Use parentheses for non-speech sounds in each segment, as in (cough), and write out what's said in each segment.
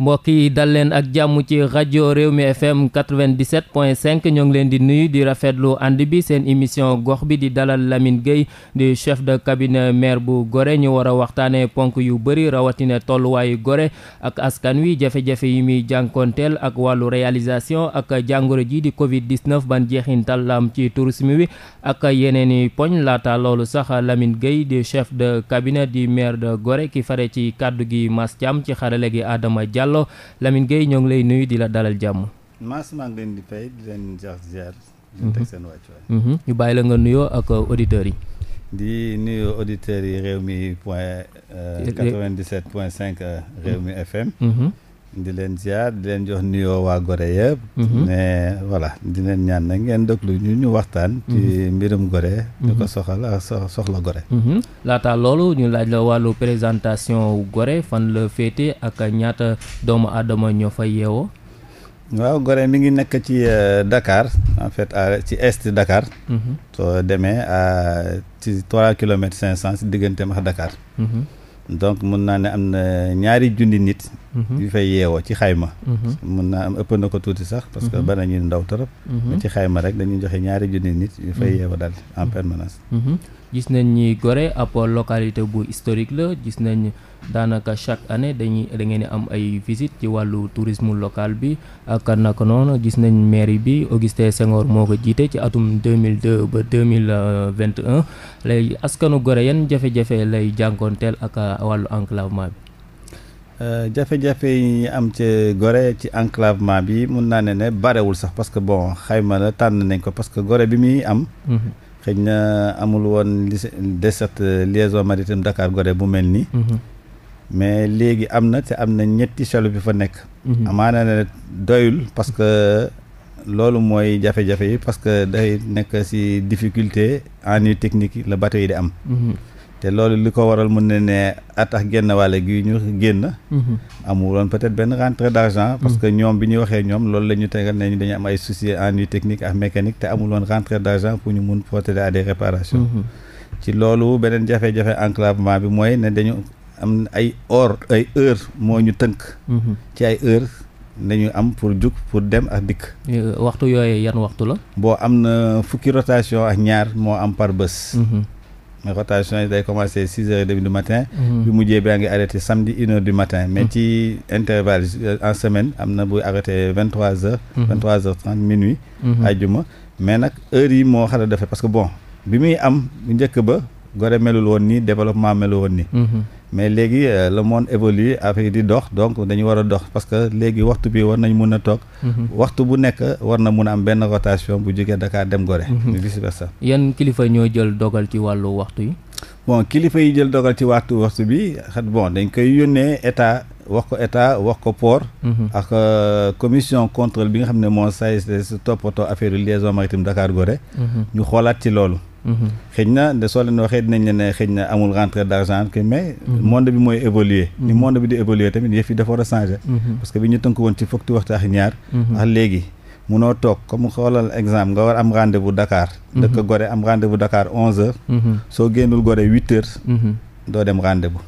mbokk yi dal leen ak jàmm ci rajo réew mi fm 97 point 5 ñoo ngi leen di nuyu di rafetlu ànd bi seen émission gox bi di dalal Lamine Gueye di chef de cabinet maire bu gore ñu war a waxtaane ponk yu bëri rawatina tolluwaayu gore ak askan wi jafe-jafe yi muy jànkonteel ak wàllu réalisation ak jàngoro ji di covid 19 ban jeexintal la ci tourisme wi ak yeneen i poñ laata loolu sax Lamine Gueye di chef de cabinet di maire de gore ki fare ci kàddu gi Mass Thiam ci xarale gi Adama Diallo Diallo Lamine Gueye ñoo ngi lay nuyu di la dalal jàmm. maas maa ngi leen di pay di leen jox ziar. di mhm. teg seen wàccuwaay. Mhm. ñu bàyyi la nga nuyoo ak euh, auditeurs yi. di nuyu auditeurs yi réew mi point 97 euh, point cinq réew mi FM. di leen leen jox nuyoo waa Gorée yëpp. mais mhm. voilà di leen ñaan na ngeen déglu ñu ñu waxtaan. ci mhm. mbirum Gorée. ñu ko mhm. soxal ak soxla Gorée. laata loolu ñu laaj la wàllu présentation Gorée fan la féete ak ñaata doomu aadama ñoo fa yeewoo. waaw Gorée mi ngi nekk ci euh, Dakar en fait ci est Dakar. soo demee ci trois kilomètres cinq cent si digganteem ak Dakar. donc mun naa ne am na ñaari junni nit. Mhm. di fay yeewoo ci xayma mën mhm. naa am ëpp na ko tuuti sax parce que mhm. ba nañu ndaw torop ci xayma rek dañuy joxe ñaari junni nit yu fay yeewoo daal en permanence gis nañ ni Gorée ab localité bu historique la gis nañ daanaka chaque année dañuy da ngeen am ay visite ci wàllu tourisme local bi ak naka noonu gis nañ mairie bi Augustin Senghor moo ko jiite ci atum 2002 ba 2021 léegi askanu gore yan jafe-jafe lay jànkoonteel ak wàllu enclavement bi jafe-jafe yi am ci gore ci enclavement bi mun naa ne ne barewul sax parce que bon xayma la tànn nañ ko parce que Gorée bi muy am. Mhm. xëy na amul woon li dessert liaison maritime Dakar gore bu mel nii. Mhm. mais léegi am na te am na ñetti chaloupe bi fa nekk. Mhm. amaana ne doyul parce que loolu mooy jafe-jafe yi parce que day nekk ci difficulté ennui technique yi la bateau yi di am. te loolu li ko waral mën na ne at ak genn wàll gi ñu génn. Mhm. amul woon peut-être benn rentrée d'argent. parce que mhm. ñoom bi ñu waxee ñoom loolu la ñu tegal ne ñu dañu am ay soucis ennui technique ak mécanique te amul woon rentrée d'argent pour ñu mun procéder à des mhm. ci loolu beneen jafe-jafe enclavement bi mooy ne dañu am ay heure ay heure moo ñu tënk. ci ay heure nañu am pour jug pour dem ak dikk. Euh, waxtu yooyu yan waxtu la. boo am na fukki rotation ak ñaar moo am par bés. mais rotation yi day commencé six heures et demie du matin. Mhm. bi mujjee baa ngi arrêté samedi une heure du matin. mais mhm. ci intervalle euh, en semaine am na buy arrêté vingt trois heures. Mhm. vingt trois heures trente minuit. àjjuma mais nag heure yi moo xala defee parce que bon bi muy am bu ba gore melul woon nii développement melul woon nii. mais léegi euh, le monde évolue affaire yi di dox donc dañu wara dox parce que léegi waxtu bi war nañ mun a toog. Mhm. waxtu bu nekk war na mun a am benn rotation bu jógee Dakar dem Gorée. ni mhm. vice versa. yan kilifa ñoo jël dogal ci wàllu waxtu yi. bon kilifa yi jël dogal ci waxtu waxtu bi xat bon dañ koy yónnee état wax ko état wax ko port. Mhm. ak euh, commission contrôle bi nga xam ne moo say toppatoo affaire liaison maritime Dakar gore ñu xoolaat ci loolu. xëy na de soo leen waxee dinañ leen ne xëy na amul rentrée d'argent que mais mhm. monde bi mooy évoluer ni mhm. monde bi di évoluer tamit yëf yi dafa a changer mhm. parce que bi ñu tënk woon ci fukki waxtu ak ñaar wax léegi munoo toog comme xoolal exemple nga war am rendez-vous Dakar dëkk Gorée am rendez-vous Dakar onze heures soo génnul Gorée huit heures doo dem rendez-vous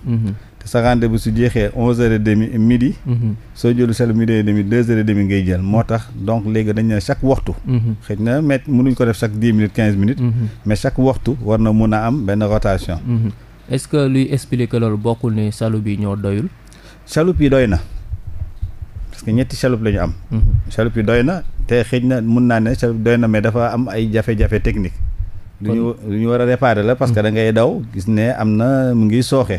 te sa rendez-vous su jeexee onze heures demi midi. Mhm. soo jëlu sel midi et demi deux heures et demi ngay jël moo tax donc léegi dañ ne chaque waxtu. Mhm. xëy na mais mënuñ ko def chaque dix minutes quinze minutes. Mhm. mais chaque waxtu war na mun a am benn rotation. est-ce que luy expliquer loolu bokkul ne chaloupe yi ñoo doyul. chaloupe yi doy na parce que ñetti chaloupe la am. chaloupe yi doy na te xëy na mun naa ne chaloupe doy na mais dafa am ay jafe-jafe technique. lu ñu war a réparer la parce que da ngay daw gis ne am na mu ngi sooxe.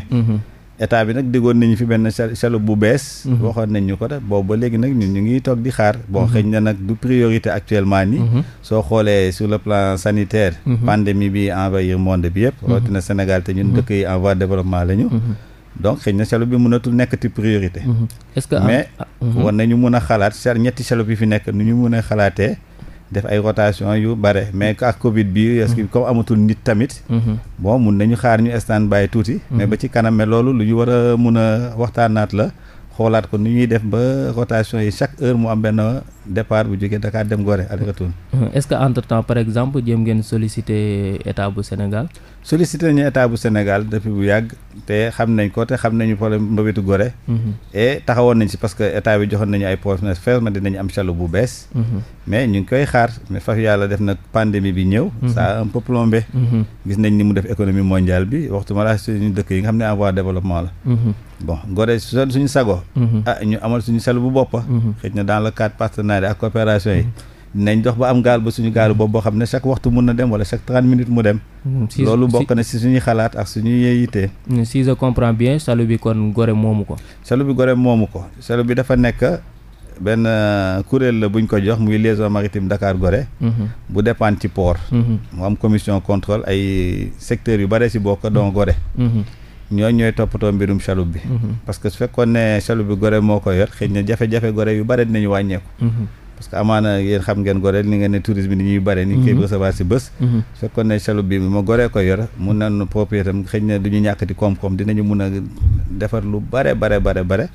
état bi nag diggoon nañu fi benn chaloupe bu bees. Mhm. waxoon nañ ñu ko de boobu ba léegi nag ñun ñu ngi toog di xaar. bon mhm. xëy na nag du priorité actuellement ni mhm. soo xoolee sur le plan sanitaire. pandémie bi envahir monde bi yëpp. na Sénégal te ñun dëkk yi en développement la ñu. donc xëy na chaloupe bi mënatul nekkati priorité. est-ce que mais ah, war nañu mun a xalaat ñetti chaloupe yi fi nekk nu ñu mun a xalaatee. def ay rotation yu bare mais ak Covid bi est comme amatul nit tamit. Mhm. bon mun nañu xaar ñu stand by tuuti. Mhm. mais ba ci kanam mais loolu lu ñu war a mun a waxtaanaat la. xoolaat ko ni ñuy def ba rotation yi chaque heure mu am benn départ bu jógee Dakar dem Gorée aller retour. est-ce que entre temps par exemple jéem ngeen solliciter état bu Sénégal. solliciter nañu état bu Sénégal depuis bu yàgg te xam nañ ko te xam nañu problème mbabitu Gorée. e taxawoon nañ si parce que état bi joxoon nañu ay promesses fermes dinañ am chaloupe bu bees. mais ñu ngi koy xaar mais faf yàlla def na pandémie bi ñëw. ça po un peu gis nañ ni mu def économie mondiale bi waxtu ma laa suñu dëkk yi nga xam ne en voie développement la. bon Gorée son suñu sago mhm. ah ñu amal suñu sel bu bopp mhm. xëy na dans le cadre partenariat ak coopération yi nañ dox ba am gaal ba suñu gaalu bopp boo xam ne chaque waxtu mun na dem wala chaque trente minutes mu dem mhm. loolu bokk na si suñuy xalaat ak suñuy yeyitee mm, si je comprends bien salu bi kon Gorée moomu ko salu bi Gorée moomu ko salu bi dafa nekk euh, benn euh, kuréel la buñ ko jox muy liaison maritime Dakar Gorée bu dépendre ci port mu am commission contrôle ay secteurs yu bare si bokk donc ñooñu ñooy toppatoo mbirum chaloupe bi. Mhm. parce que su fekkoon ne chaloupe bi Gorée moo ko yor xëy na jafe-jafe Gorée yu bare dinañu wàññeeku. Mhm. parce que amaana yéen xam ngeen Gorée li ngeen ne tourisme ni ñuy bare. ni ñu koy mhm. recevoir si bés. su fekkoon ne chaloupe bi ma Gorée ko yor mun nañu propriété tam xëy na du ñu ñàkkati koom-koom dinañu mun a defar lu bare bare bare bare.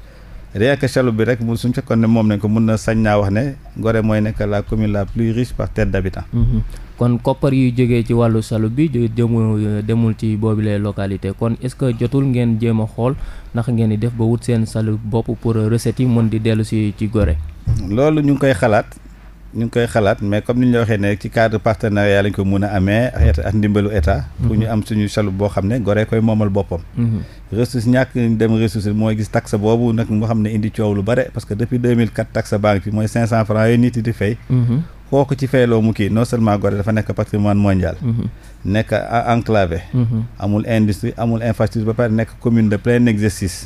rien que Chaloub bi rek mu suñ fekkoon ne moom nañ ko mun na sañ naa wax ne Gorée mooy nekk la commune la plus riche par terre d'habitant mhm. kon koppar yu jógee ci wàllu Chaloub bi demul euh, demul ci boobu les localités kon est-ce que jotul ngeen jéem a xool ndax ngeen di def ba wut seen Chaloub bopp pour recettes yi mën di dellu si ci gore loolu ñu koy xalaat ñu ngi koy xalaat mais comme ni ñu la waxee ne ci cadre partenariat lañ ko mun a amee ak ndimbalu état. pour ñu mhm. am suñu chaloupe boo xam ne Gorée koy moomal boppam. Mhm. ressource ñàkk dem ressource mooy gis taxe boobu nag moo xam ne indi coow nit yi di fay. Mhm. koo ko ci fayloo mu kii non seulement Gorée dafa nekk patrimoine mondial. nekk enclavé. amul industrie amul infrastructure ba pare nekk commune de plein exercice.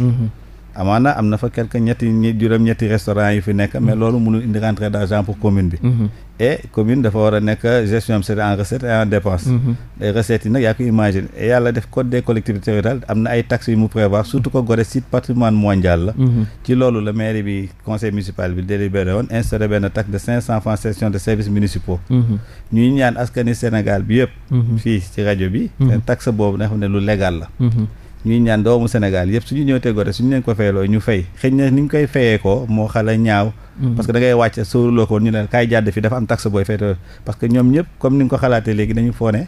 amaana am na fa quelque ñetti juróom-ñetti restaurant yi fi nekk mais mhm. loolu mënul indi d'argent pour commune bi mhm. et commune dafa war a nekk gestion bi c'est en recette et en dépense les mhm. yi nag yaa ko imagine yàlla def code des collectivités territoriales am na ay taxes yu mu prévoir surtout que Gorée site patrimoine mondial la ci loolu la mairie bi conseil municipal bi délibéré woon instauré benn taxe de cinq cent francs section de services municipaux ñuy ñaan doomu Sénégal yëpp suñu ñëw tee Gorée suñu leen ko fayloo ñu fay xëy na ni ñu koy fayee ko moo xala ñaaw mm. parce que wàcc sóoruloo ko woon ñu ne kaay jàdd fi dafa am taxe booy faytoo parce que ñoom ñëpp comme ni nga ko xalaatee léegi dañu foone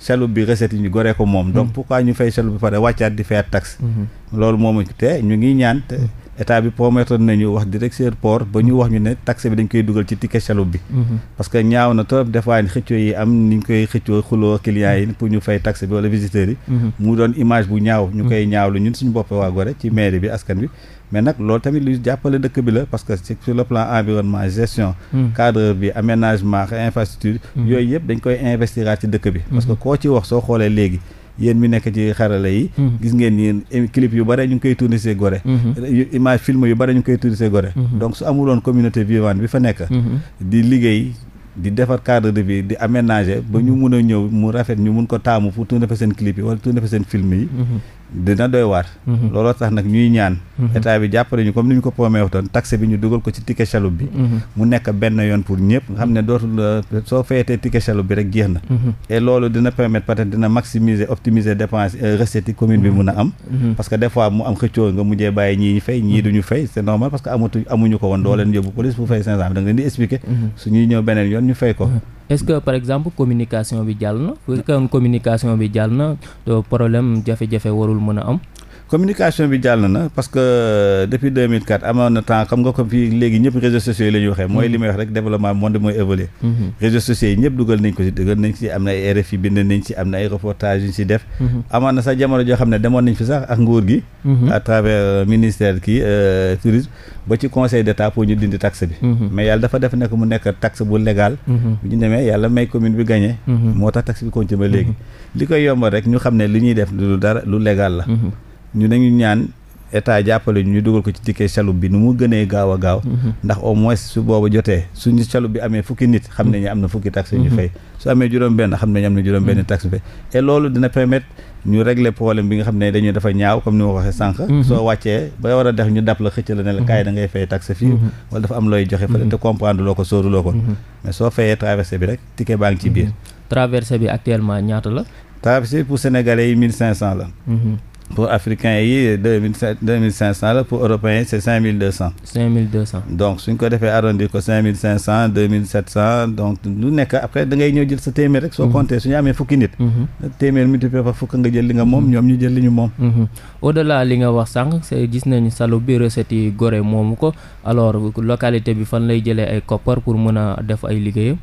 chaloupe bi recette ñu goree ko moom donc mm. pourquoi ñu fay chaloupe bi pare wàccaat di fayaat taxe mm-hmm. loolu moomu te ñu ngi ñaan état bi promettre nañu wax directeur port ba ñu wax ñu ne taxe bi dañ koy dugal ci ticket chaloupe bi. Mhm. parce que ñaaw na trop des fois xëccoo yi am ni ñu koy xëccoo xuloo clients yi pour ñu fay taxe bi wala visiteurs yi. Mhm. mu doon image bu ñaaw. ñu mhm. koy ñaawlu ñun suñu bopp waa Gorée ci mairie bi askan bi. mais nag loolu tamit luy jàppale dëkk bi la parce que sur le plan environnement gestion cadre bi aménagement infrastructure yooyu yëpp dañ koy investiraat ci dëkk bi parce que koo ci wax soo xoolee léegi yéen mi nekk ci xarala yi mhm. gis ngeen yéen clip yu bare ñu ngi koy tourné see gore mhm. image film yu bare ñu ngi koy tourné see gore mhm. donc su amuloon communauté vivante bi fa nekk di liggéey di defar cadre de vie di aménager ba ñu mun a ñëw mu rafet ñu mun ko taamu pour tourné fa seen clip yi wala tourné fa seen film yi dina doy waar mhm. looloo tax nag ñuy ñaan mhm. état bi jàppale ñu comme ni ñu ko promet waxtoon taxe bi ñu dugal ko ci ticket chaloupe bi mhm. mu nekk benn yoon pour ñëpp nga xam ne dootul euh, soo fayetee ticket chaloupe bi rek jeex na et loolu dina permettre peut-être dina maximiser optimiser dépense euh, recette yi commune bi mun a am parce que des fois mu am xëccoo nga mujjee bàyyi ñii ñu fay ñii duñu fay c'est normal parce que amuñu ko woon doo leen yóbbu police bu fay cinq cent bi yoon ñu ko est-ce que par exemple communication bi jàll na. bu fekkee communication bi jàll na problème jafe-jafe warul mën a am. communication bi jàll na parce que euh, depuis 2004 amoon na temps xam nga ko fii léegi ñëpp réseaux sociaux yi la waxee. mooy li may wax rek développement monde mooy évoluer. Mhm. réseaux sociaux yi ñëpp dugal nañ ko si dugal nañ si am na ay RFI bind nañ si am na ay reportages yu ñu def. Mhm. amoon na sax jamono joo xam ne demoon nañ fi sax ak nguur gi. Mhm. à travers euh, ministère kii euh, tourisme ba ci conseil d'état pour ñu dindi taxe bi. mais yàlla dafa def nekk ñu dañu ñaan état jàppale ñu dugal ko ci ticket chaloupe bi nu mu gënee gaaw a gaaw mm-hmm. ndax au moins su boobu jotee suñu chaloupe bi amee fukki nit xam nañu am na fukki taxe ñu mm-hmm. fay su amee juróom benn xam nañu am na juróom benn mm-hmm. tax bi et loolu dina permettre ñu régler problème bi nga xam ne dañuy dafa ñaaw comme ni ko waxee sànq soo wàccee ba war a def ñu dab la xëcc la ne la kaay da ngay fay taxe fii wala dafa am looy joxe fële te comprendre loo ko sóoruloo ko mais soo fayee traversée bi rek ticket baa ngi ci biir traversée bi actuellement ñaata la traversée pour sénégalais yi mille cinq cent la pour africains yi deux mille cinq cent la pour européens yi c' cinq mille deux cent. cinq mille deux cent. donc suñ ko defee arrondir ko cinq mille cinq cent deux mille sept cent donc lu nekk après da ñëw jël sa téeméer rek. soo mhm. compter suñu amee fukki nit. Mhm. téeméer multiplié par fukk nga jël li nga moom ñoom ñu jël li ñu moom. Mhm. au li nga wax sànq gis nañu salu bi recette gore moomu ko alors localité bi fan lay jëlee ay koppar pour mën a def ay liggéeyam.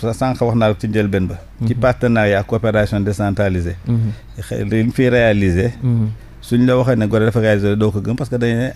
sànq wax naa ci njëlbeen ba. ci mhm. partenariat coopération décentralisée. Mhm. li ñu fiy réalisé. Mhm. suñ la waxee ne Gorée dafa réalisé doo ko gëm parce que dañu ne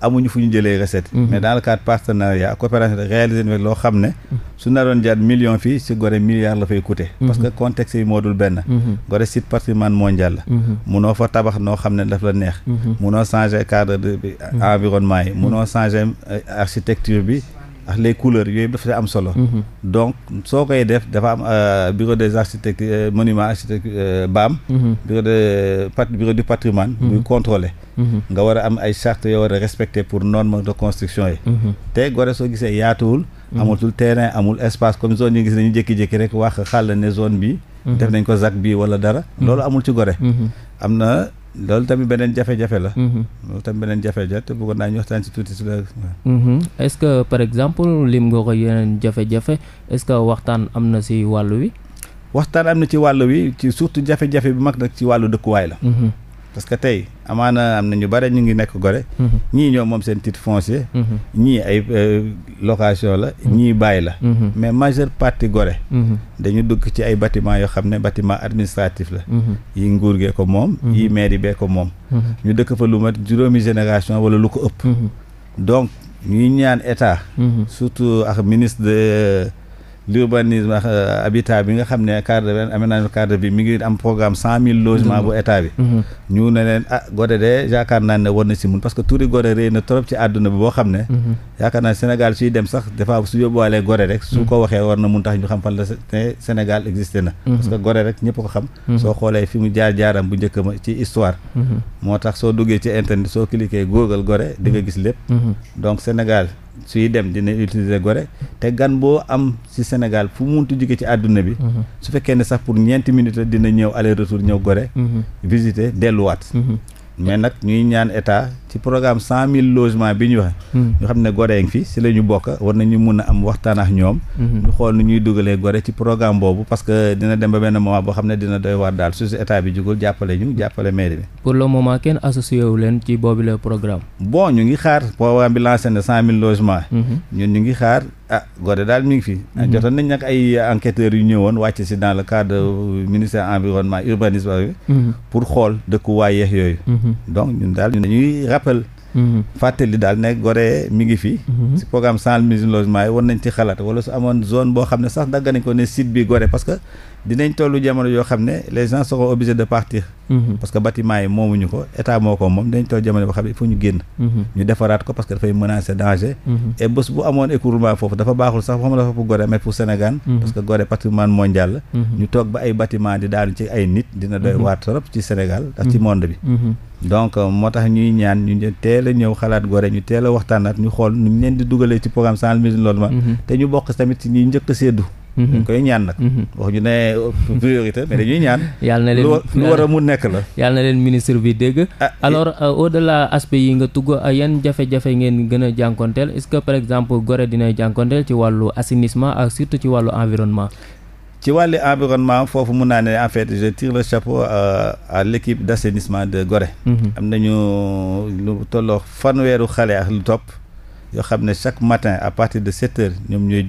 amuñu fu ñu jëlee recette. mais dans le cadre partenariat coopération réalisé na loo xam ne. su naroon jaar million fii si Gorée milliard la fay coûter. parce que contexte yi moo dul benn. Gorée site patrimoine mondial la. munoo fa tabax noo xam ne daf la neex. munoo changer cadre de environnement yi. munoo changer euh, architecture bi. ak les couleurs yooyu dafa am solo. Mhm. donc soo koy def dafa am euh, bureau des architectes euh, monuments architecte euh, baam mhm. bureau de pat bureau du patrimoine mhm. muy contrôler nga war a am ay chartes yoo war a respecter pour normes de construction yi. te Gorée soo gisee yaatuwul. amatul terrain amul espace comme zone yi gis nañu jékki-jékki rek wax xàll ne zone bi def nañ ko ZAC bi wala dara. loolu amul ci Gorée. am na loolu tamit beneen jafe-jafe la. Mhm. loolu tamit beneen jafe-jafe te bëggoon naa ñu waxtaan ci tuuti si la. Mhm. est-ce que par exemple lim nga ko yeneen jafe-jafe est-ce que waxtaan am na si wàll wi. waxtaan am na ci wàll wi ci surtout jafe-jafe bi mag nag ci wàllu dëkkuwaay la. Mhm. parce que tey amaana am na ñu bare ñu ngi nekk gore mm-hmm. ñii ñoo moom seen titre foncier mm-hmm. ñii ay euh, location la mm-hmm. ñii bàyyi la mais majeure partie gore dañu dugg ci ay bâtiment yoo xam ne bâtiment administratif la yi nguur gee ko moom yi mairie bee ko moom ñu dëkk fa lu mat juróomi génération wala lu ko ëpp donc ñuy ñaan état surtout ak ministre l'urbanisme euh, habitat bi nga xam ne cadre aménagement cadre bi mi ngi am programme cent mille logements bu mm-hmm. état bi mm-hmm. ñu ne leen ah Godé de yaakaar naa ne war na si mun parce que tuuri Godé réy na trop ci àdduna bi boo xam ne mm-hmm. yaakaar naa Sénégal suy dem sax des su yóbbuwaalee Godé rek su ko waxee war na mun tax ñu xam fan la Sénégal existé na parce que Godé rek ñëpp ko xam soo xoolee fi mu jaar jaaram bu njëkk ma ci histoire moo tax soo duggee ci internet suy dem dina utiliser gore te gan boo am ci Sénégal fu muntu jóge ci àdduna bi mhm. su fekkee ne sax pour ñeenti minutes dina ñëw aller retour ñëw gore mhm. visiter delluwaat mhm. mais nag ñuy ñaan état ci programme cent mille logements bi ñu wax hmm. ñu xam ne Gorée ngi fi si la ñu bokk war nañu mun a am waxtaan ak ñoom hmm. ñu xool nu ñuy dugalee Gorée ci programme boobu parce que dina dem ba benn moment boo xam ne dina doy waar daal su si bi jugul jàppale ñu jàppale mairie pour le moment kenn associé wu leen ci boobu le bon ñu ngi xaar programme bi lancé na cent mille logements hmm. ñu ngi xaar ah Godé daal mi ngi fi. Mm-hmm. jotoon nañ nag ay enquêteurs yu ñëwoon wàcc si dans le cadre ministère environnement urbanisme. Mm-hmm. pour xool dëkkuwaay yeex yooyu. Mm-hmm. donc ñun daal ñu dañuy rappel. fàttali daal ne Gorée mi ngi fi. si programme cent mille logements yi war nañ ci xalaat wala su amoon zone boo xam ne sax dagg nañ ko ne site bi Gorée parce que dinañ tollu jamono yoo xam ne les gens seront obligés de partir. Mm-hmm. parce que bâtiment yi moomuñu ko état moo ko moom dinañ toll jamono boo xam ne il faut ñu génn. Mm-hmm. ñu defaraat ko parce que dafay menacer danger. Mm-hmm. et bés bu amoon écoulement foofu dafa baaxul sax xam nga dafa pour Gorée mais pour Sénégal. parce que Gorée patrimoine mondial la. ñu toog ba ay bâtiment di daanu ci ay nit. dina doy waar ci Sénégal ak ci monde bi. donc euh, moo tax ñuy ñaan ñu teel a ñëw a waxtaanaat ñu xool ñu leen Mhm. dañ koy ñaan nag mhm. wax ñu ne priorité mais dañuy ñaan yàlla na leen lu war a mun nekk la yàlla na leen ministre bi dégg ah, alors euh, au delà aspect yi nga tugg euh, yan jafe-jafe ngeen gën a jànkonteel est ce que par exemple Gorée dina jànkonteel ci wàllu assainissement ak surtout ci wàllu environnement ci wàllu environnement foofu mun naa ne en fait je chapeau euh, à, à l' d' assainissement de Gorée mhm. am nañu lu tolloo fanweeru xale ak lu topp yoo xam ne chaque matin à partir de sept heures ñoom ñooy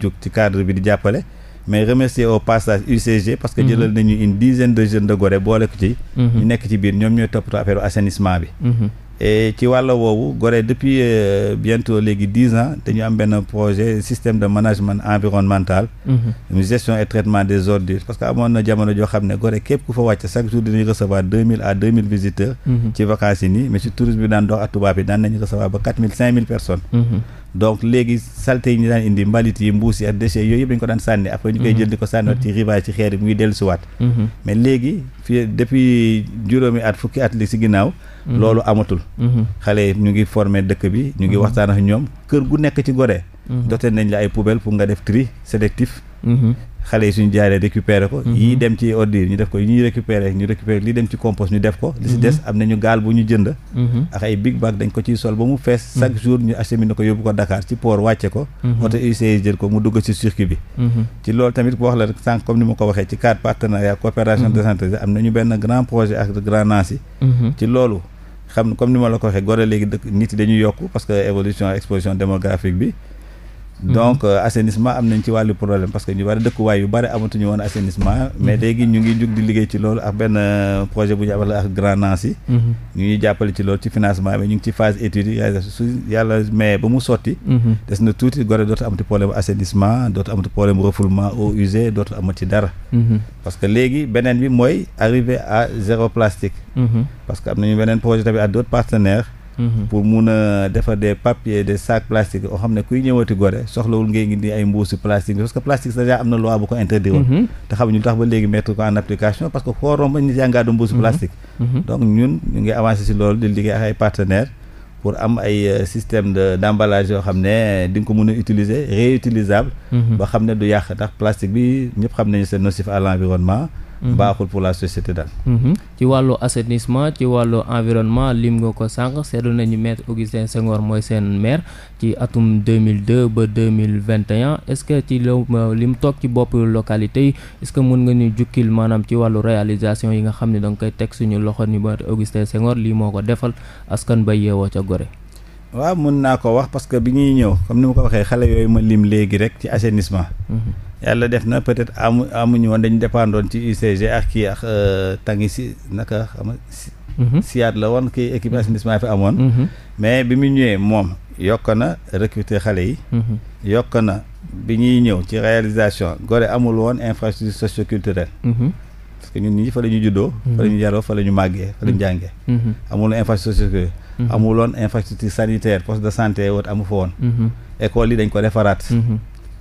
mais remercier au passage UCG parce que mhm. jëlal nañu une dizaine de jeunes de Gorée boole ko ci mhm. ñu nekk ci biir ñoom ñooy toppatoo affaire assainissement bi mhm. ci wàll woowu Gorée depuis euh, bientôt léegi dix ans dañu am benn projet système de management environnemental gestion et traitement des ordures parce que amoon na jamono joo xam ne Gorée képp ku fa wàcc chaque jour dinañu recevoir deux mille à deux mille visiteurs ci vacances yi mais si tourisme bi daan donc léegi saleté yi ñu daan indi mbalit yi mbuus yi ak déchets yooyu yëpp dañu ko daan sànni après ñu koy jël di ko sànniwaat ci rivage ci xeer yi muy dellu siwaat mhm. mais léegi fii depuis juróomi at fukki at li si ginnaaw mhm. loolu amatul mhm. xale ñu ngi formé dëkk bi ñu ngi waxtaan ak ñoom kër gu nekk ci Gorée dote nañ la ay poubelle pour nga def tri sélectif xale yi suñu jaaree récupérer ko mhm. yii dem ci ordure ñu def ko ñu récupérer li dem ci compost ñu def ko li si mhm. des am nañu gaal bu ñu jënd mhm. ak ay big bag dañ ko ciy sol ba mu fees chaque jour ñu acheminer ko yóbbu ko Dakar ci port wàcce ko oto UCS jël ko mu dugg ci circuit bi ci loolu tamit bu wax la sànq comme ni ma ko waxee ci cadre partenariat coopération décentralisée am nañu benn grand projet ak Grand Nancy ci loolu xam comme ni ma la ko Mm-hmm. donc euh, assainissement am nañ ci wàllu problème parce que ñu bari dëkkuwaay yu bari amatuñu woon assainissement. Mm-hmm. mais léegi ñu ngi jug di liggéey ci loolu ak benn euh, projet bu ñu amal ak Grand Nancy. Mm-hmm. ñu ngi jàppale ci loolu ci financement bi ñu ngi ci phase étude yàlla mais ba mu sotti. des na tuuti gore dootu amati problème assainissement dootu amati problème refoulement eaux usées dootu amati dara. parce que léegi beneen bi mooy arrivé à zéro plastique. parce Mm-hmm. pour mun a defar des papiers des sacs plastiques yoo xam ne kuy ñëwati Gorée soxlawul ngay ngi ay mbuusi plastique parce que plastique déjà am na loi bu ko interdit woon mm-hmm. te xamuñu lu tax ba léegi mettre ko en application parce que foo romb nit yaa ngaa du mbuusi mm-hmm. plastique donc ñun ñu ngi avancé si loolu di liggéey ak ay partenaires pour am ay euh, système de d'emballage yoo xam ne di ko mën a utiliser réutilisable ba xam ne du yàq ndax plastique bi ñëpp xam nañu c'est nocif à Mm-hmm. baaxul pour la société daal. Mm-hmm. ci wàllu assainissement ci wàllu environnement lim nga ko sànq seetlu nañu maître Augustin Senghor mooy seen maire ci atum deux mille deux ba deux mille vingt et un est ce que ci euh, li mu toog ci bopp localité yi est que mën nga ñu jukkil maanaam ci wàllu réalisation yi nga xam ne da nga koy teg suñu loxo ni maître Augustin Senghor lii moo ko defal askan ba yeewoo ca gore waaw mën naa ko wax parce que bi ñuy ñëw comme ni ma ko waxee xale yooyu ma lim léegi rek ci assainissement. Mm-hmm. yàlla def na peut-être amu amuñu woon dañu dépendoon ci UCG ak kii ak euh, tangi si naka xam nga siyaat mhm. la woon kii équipe mhm. assainissement fi amoon mhm. mais bi mu ñëwee moom yokk na recruter xale yi yokk na bi ñuy ñëw ci réalisation Gorée amul woon infrastructure socioculturelle parce que ñun ñi fa la ñu juddoo fa la ñu yaroo fa la ñu màggee fa la jàngee amul woon infrastructure amul woon infrastructure sanitaire poste de santé woot amu fa woon école yi dañ ko defaraat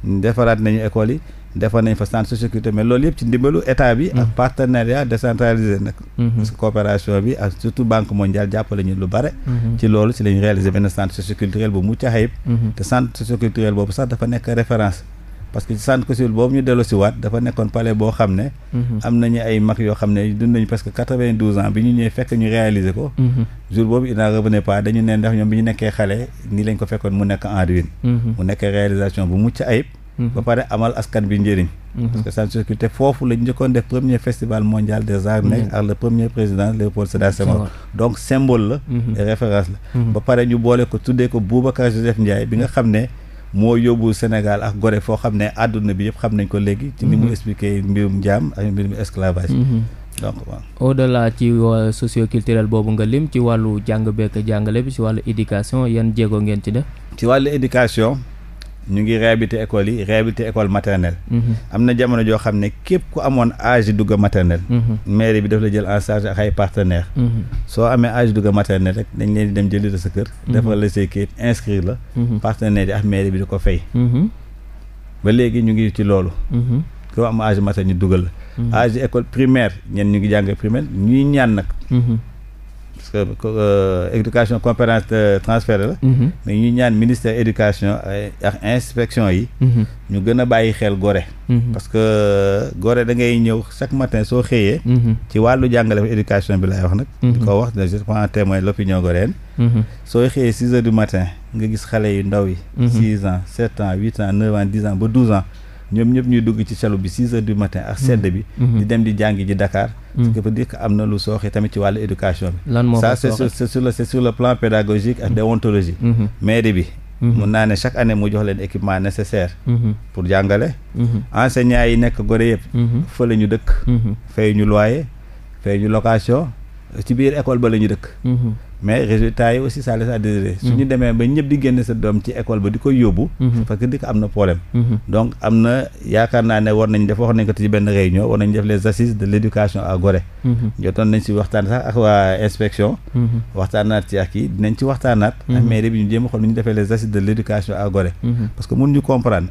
defaraat nañu école yi defar nañ fa centre socioculturel mais loolu yëpp ci ndimbalu état bi. ak mm-hmm. partenariat décentralisé nag. Mm-hmm. coopération bi ak surtout banque mondiale jàppale ñu lu bare. Mm-hmm. ci loolu ci la ñu benn centre socioculturel bu mucc ayib. te centre socioculturel boobu sax dafa nekk référence. parce que centre culturel boobu ñu dellu si waat dafa nekkoon palais boo xam ne. Mhm. am nañu ay mag yoo xam ne dund nañu presque quatre vingt douze ans bi ñu ñëwee fekk ñu réaliser ko. Mhm. jour boobu il n'en revenait pas dañu ne ndax ñoom bi ñu nekkee xale nii lañ ko fekkoon mu nekk en ruine. Mhm. mu nekk réalisation bu mucc ayib. ba pare amal askan bi njëriñ. parce que centre culturel foofu lañ njëkkoon def premier festival mondial des arts ak le premier président moo yóbbu Sénégal ak Gorée foo xam ne àdduna bi yëpp xam nañ ko léegi. ci ni mu mhm. expliqué mbirum jaam ak mbirum esclavage. Mhm. donc waaw. au delà ci socioculturel boobu nga lim ci wàllu jàng bekk jàngale bi ci wàllu éducation yan jéego ngeen ci def. ci wàllu éducation. ñu ngi réhabilité école yi réhabilité école maternelle. Mhm. am na jamono joo xam ne képp ku amoon âge dugg maternelle. Mhm. mairie bi daf la jël en ay partenaires. Mhm. soo amee âge dugg maternelle rek dañ leen dem jëli la sa kër. defal la say kayit inscrire la. partenaires yi ak mairie bi di ko fay. ba léegi ñu ngi ci loolu. koo am âge maternelle ñu dugal la. âge école primaire ñenn ñu ngi jàng primaire ñuy ñaan nag. parce que euh, éducation compétence transférée la. Mhm. mais ñu ñaan ministère éducation ak inspection yi. Mhm. ñu gën a bàyyi xel gore. Mhm. parce que euh, gore da ngay ñëw chaque matin soo xëyee. ci wàllu jàngale éducation bi laay wax nag. ko wax je prends en l'opinion goréenne. sooy xëyee six heures du matin nga gis xale yu ndaw yi. six ans sept ans huit ans neuf ans dix ans ba douze ans. ñoom ñëpp ñuy dugg ci salu bi six heures du matin ak sedd bi mhm. di dem di jàngi ji Dakar mhm. ce qui veut dire que am na lu sooxe tamit ci wàllu éducation bi lan moo ça c'est sur c'est sur le c'est sur le plan pédagogique ak mhm. déontologie mairie bi mun naa ne chaque année mu jox leen équipement nécessaire pour jàngale enseignants yi nekk gore yëpp fële ñu dëkk fay ñu loyer fay ñu location ci biir école ba la dëkk. Mhm. mais résultat yi aussi ça laisse à désirer. su ñu mhm. demee ba ñëpp di génne sa doom ci école ba di koy yóbbu. parce que di ko am na problème. Mhm. donc am na yaakaar naa ne war nañ def wax nañ ko ci benn réunion war nañ def les de l' éducation à Gorée. jotoon nañ si waxtaan sax ak waa inspection. waxtaanaat ci ak yi dinañ ci waxtaanaat. ak mairie bi ñu jéem a xool nu ñu defee les de l' éducation à parce que mun ñu comprendre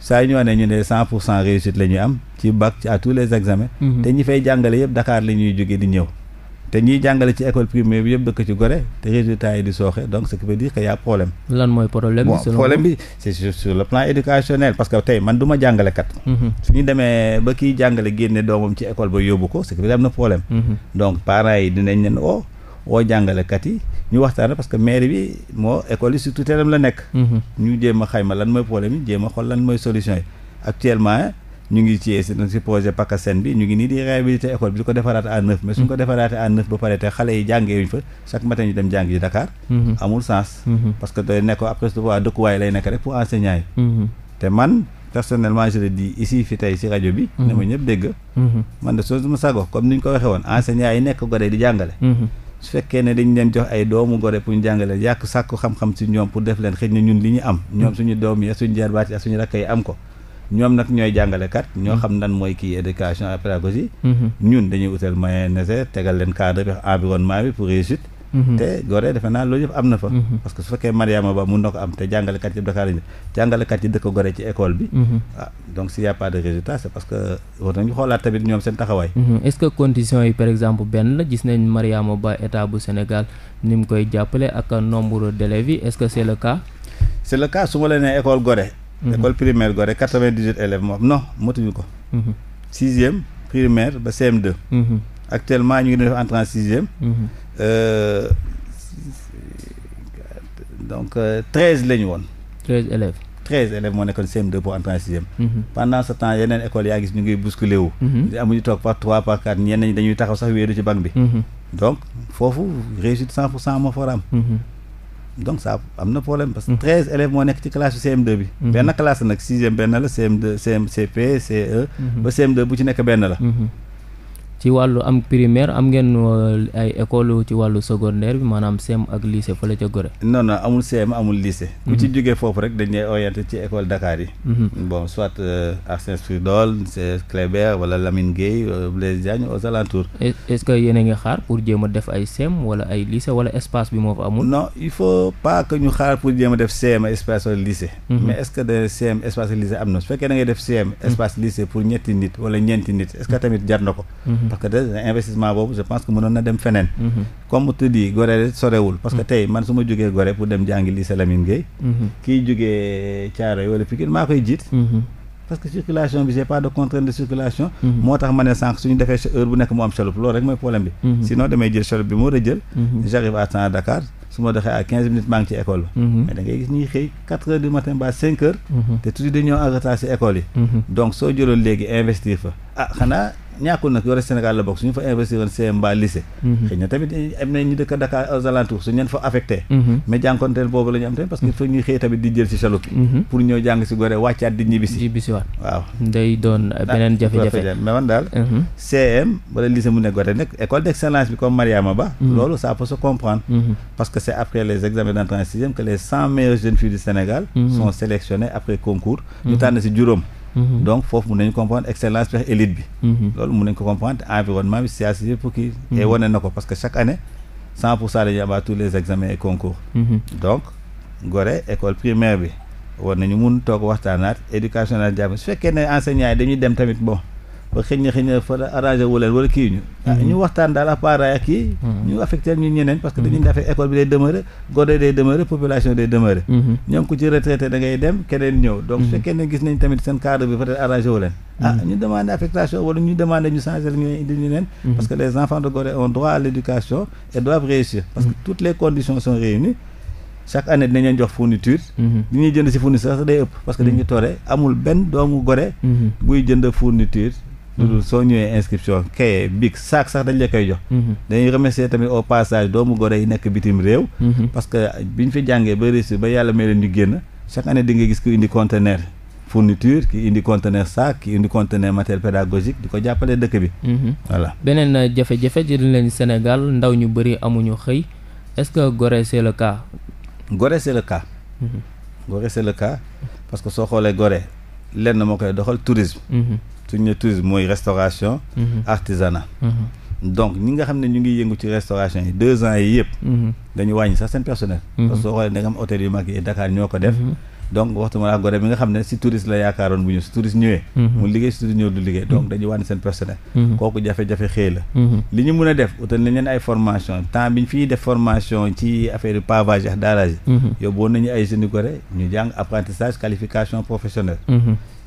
saa ñu wane ñu ne cent pour cent réussite la am ci bac ci à tous les examens mhm. te ñi fay jàngale yëpp Dakar la jóge di ñëw te ñiy jàngale ci école primaire bi yëpp dëkk ci Gorée te résultats yi di sooxe donc ce qui veut dire que y problème lan mooy problème bi problème bi c'est sur le plan éducationnel parce que tey man du ma jàngalekat mhm. suñu demee ba kiy jàngale génne doomam ci école ba yóbbu ko ce qui veut dire am na problème mhm. donc parents woo jàngalekat yi ñu waxtaanee parce que maire bi moo école yi si tutelle am la nekk. Mhm. ñu jéem a xayma lan mooy problème yi jéem a lan mooy solution yi actuellement. ñu ngi ci si bi ñu ko defaraat à neuf mais suñ ko mhm. defaraatee à neuf ba pare te xale yi jàngee wuñ fa chaque matin ñu dem jàng ji Dakar. Mhm. amul sens. parce que day nekk après tout waa dëkkuwaay lay nekk rek pour enseignants yi. te man personnellement je le ici fi tey si rajo bi. ne su fekkee ne dañ leen jox ay doomu gore pour ñu jàngale yàq sàkku xam-xam si ñoom pour def leen xëy na ñun li ñu am ñoom suñu doom yi suñu jarbaat yi suñu rakk yi am ko ñoom nag ñooy jàngalekat ñoo xam nan mooy kii éducation à pédagogie mm-hmm. ñun dañuy utal moyen nécessaire tegal leen cadre bi environnement bi pour réussite Mm-hmm. te Gorée defe naa loolu yëpp am na fa mm-hmm. parce que su fekkee Mariama Ba mun na ko am te jàngalekat yi Dakar lañu jàngalekat yi dëkk Gorée ci mm-hmm. ah, a parce que war nañu xoolaat tamit ñoom seen taxawaay Ba état bu Sénégal ni mu koy jàppale ak nombre d'élèves yi est-ce le cas su ma la nee école Gorée école primaire Gorée quatre-vingt-dix-huit élèves moo am non motuñu ko sixième Euh, donc euh, treize la woon. treize élèves. treize élèves moo nekkoon CM2 pour entrer en sixième. Mhm. pendant ce temps yeneen école yaa gis ñu ngi bousculé wu. Mhm. amuñu toog par trois par quatre ñenn ñi dañuy taxaw sax wéeru ci banc bi. Mhm. donc foofu réussite cent pour cent moo fa donc ça am na problème parce que treize élèves moo nekk ci classe CM2 bi. benn classe nag sixième benn la CM2 CM e. bu ci nekk benn la. ci wàllu am primaire am ngeen euh, ay école ci wàllu secondaire bi maanaam CM ak lycée fële ca Gorée. non non amul CM amul lycée. ku ci mhm. jógee foofu rek dañ lay ci école Dakar yi. Mhm. bon soit à euh, Saint-Louis c'est Clébert wala Lamine Gueye euh, Blaise Diagne aux alentours. est-ce que yéen ngi xaar pour jéem a def ay CM wala ay lycée wala espace bi moo fa amul. non il faut pas que ñu xaar pour jéem a def CM espace wala lycée. Mhm. mais est-ce que de CM lycée am na su fekkee da def CM. espace pour ñetti wala ñeenti nit est que tamit jar na ko. parce que déjà investissement boobu je pense que mënoon na dem feneen. Mhm. comme tu dis Gorée sorewul. parce que mhm. tey man su ma jógee Gorée pour dem jàngi lycée Lamine Gueye. Mhm. kiy jógee Thiaroye wala Pikine maa koy jiit. parce que circulation bi j'ai pas de contrainte de circulation. moo tax ma ne sànq suñu defee heure bu nekk mu am chaloupe loolu rek mooy problème bi. sinon damay jël chaloupe bi moo rëjël. j'arrive à temps à su ma doxee à quinze minutes maa ngi ñàkkul nag yore Sénégal la bokk suñu fa investir woon CM mbaa lycée mhm. xëy tamit eh, am na ñu dëkk Dakar aux alentours suñu leen fa affecté mhm. mais jànkonteel boobu la am tamit parce que fa ñuy xëy tamit di jël si chaloupe mhm. pour ñëw jàng si Gorée wàccaat di ñibbisi waaw day doon ah, beneen jafe-jafe mais Ba loolu ça peut se comprendre parce que c'est après les examens d'entrée en que les cent meilleures jeunes filles du Sénégal sont sélectionnées après concours Mhm. donc foofu mun nañu comprendre excellence bi élite bi mhm. loolu mun nañ ko comprendre environnement bi siyaasi yëpp kii mhm. et wane na ko parce que chaque année cent pour cent dañuy abaat tous les examens et concours donc Gorée école primaire bi war nañu mun toog waxtaanaat éducation naal jàmm su fekkee ne enseignants yi dañuy dem tamit bon ba xëy na xëy na fa arrangé wu leen wala kii ñu ah, mhm. ñu waxtaan daal à kii mhm. ñu affecté ñu ñeneen parce que mhm. dañuy defee école bi dem keneen ñëw donc su fekkee gis nañ tamit seen cadre bi peut-être arrangé wu leen ah, ñu demandé affectation wala ñu demandé ñu changer ñu indi parce que les enfants de Gorée ont droit à l'éducation et doivent réussir parce que toutes les conditions sont réunies chaque année dinañ leen jox fourniture. li ñuy jënd ci fourniture sax day ëpp. parce que lu soo ñëwee inscription kaye bic saak sax dañ la koy jox mhm. dañuy remercier tamit au doomu gore yi nekk bitim réew mhm. parce que biñ fi jàngee ba réussir ba yàlla may leen ñu génn chaque année di nga gis ku indi conteneur fourniture ki indi conteneur sac ki indi conteneur matériel pédagogique di ko jàppale dëkk bi mhm. voilà beneen euh, jafe-jafe ci leen Sénégal ndaw ñu bëri amuñu xëy est-ce que Gorée c'est le cas Gorée c'est le cas le cas parce que soo xoolee Gorée lenn moo koy doxal tourisme suñ ne tourisme mooy restauration mhm. artisanat mhm. donc ñi nga xam ne ñu ngi yëngu ci restauration yi deux ans yi yëpp mhm. dañu wàññi sax seen personnel parce que soo xoolee da nga am hôtel yu mag yi Dakar ñoo ko def donc waxtu ma laa gore bi nga xam ne si touriste la yaakaaroon bu ñëw si touriste ñëwee mu liggéey si touriste ñëw du liggéey donc dañuy wàññi seen personnel kooku jafe-jafe xëy la li ñu mën a def utal nañ leen ay formation temps bi ñu fiy def formation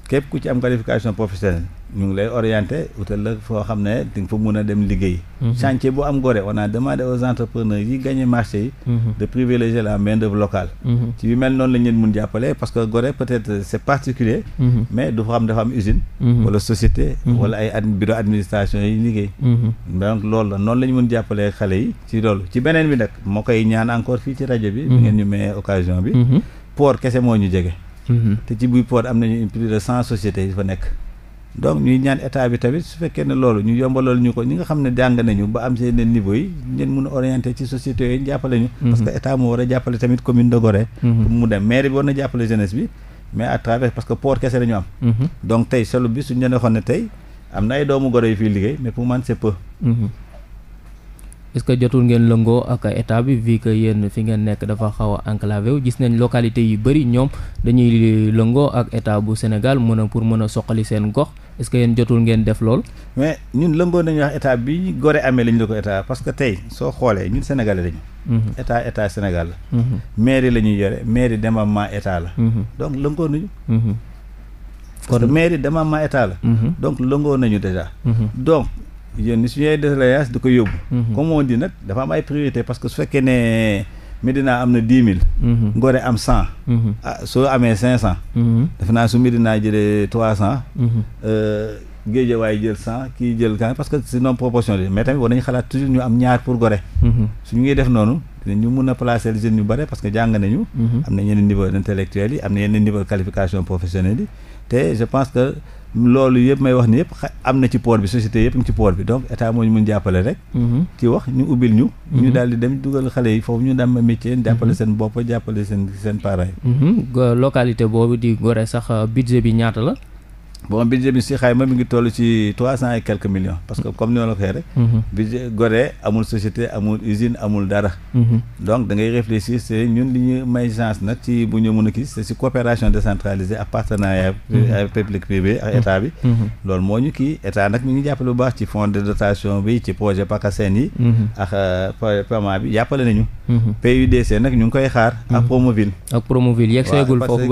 képp ku ci am qualification professionnelle ñu ngi lay orienté utal la foo xam ne di fa mun a dem liggéey. Mhm. chantier bu am Gorée on a demandé aux entrepreneurs yi gagné marché yi. Mhm. de privilégier la main d'œuvre locale. Mhm. ci yu mel noonu la ñu leen mun jàppale parce que Gorée peut-être c'est particulier. mais du fa am dafa am usine. wala société. wala ay administration yi liggéey. donc loolu la noonu la ñu mun jàppalee xale yi ci loolu ci beneen bi nag moo koy ñaan Mm-hmm. te ci buy port am nañu plus de cent sociétés fa nekk donc ñuy ñaan état bi tamit su fekkee ne loolu ñu yombalool ñu ko ñi nga xam ne jàng nañu ba am seen niveau yi ngeen mun orienté ci sociétés yooyu jàppale ñu mm-hmm. parce que état moo war a jàppale tamit commune de Gorée mm-hmm. mu dem maire bi war na jàppale jeunesse bi mais à parce que port kese lañu am donc tey solo bi suñu ne waxoon ne tey am na ay doomu Gorée yu fiy liggéey mais pour man c'est est que jotul ngeen lëngoo ak état bi vu que yéen fi ngeen nekk dafa xaw a enclavé gis nañ localité yu bëri ñoom dañuy lëngoo ak état bu Sénégal mën pour mën a soqali seen gox est-ce que yéen jotul ngeen def lool. mais ñun lëngoo nañu wax état bi gore amee lañu la ko état parce que tey soo xoolee ñun sénégalais lañu. Mhm. état état Sénégal la. Mhm. mairie la ñuy yore mairie démembrement état la. Mhm. donc lëngoo nañu. kon mairie démembrement état la. donc lëngoo nañu déjà. donc yónni suñu ay doléances di ko yóbbu. Mhm. comme on dit nag dafa am ay priorité parce que su fekkee ne Medina am na dix mille. Mhm. Ngor am cent. Mhm. ah soo amee cinq cent. defe naa su Medina jëlee trois cent. Euh, géejawaay jël cent kii jël kan parce que c'est non proportionnel mais tamit war nañu xalaat toujours ñu am ñaar pour gore suñu ngi def noonu dinañu mun a placer les jeunes bare parce que jàng nañu am na yenn niveau intellectuel yi am na yenn niveau qualification loolu yëpp may wax ni yëpp am na ci port bi société yëpp ngi ci port bi donc état ñu mun jàppale rek mm-hmm. ci wax ñu ubbil ñu ñu mm-hmm. daal dem dugal xale yi foofu ñu dem métier jàppale mm-hmm. seen bopp jàppale seen seen parents yi localité boobu di Gorée sax euh, budget bi ñaata la bon budget bi si xayma mi ngi toll ci trois cent et quelques millions parce que comme ni ma la ko rek. Mhm. budget Gorée amul société amul usine amul dara. Mhm. donc da ngay réfléchir c' est ñun li ñu may chance nag ci bu ñu mën a kii c' est si coopération décentralisée ak partenariat. ak mhm. public privé ak état bi. loolu moo ñu kii état nag mi ngi jàppale bu baax ci fonds de dotation bi ci projet PACASEN yi. ak euh, PAMA bi jàppale nañu. PUDC nag ñu ngi koy xaar. ak Promoville. ak Promoville yegg seegul foofu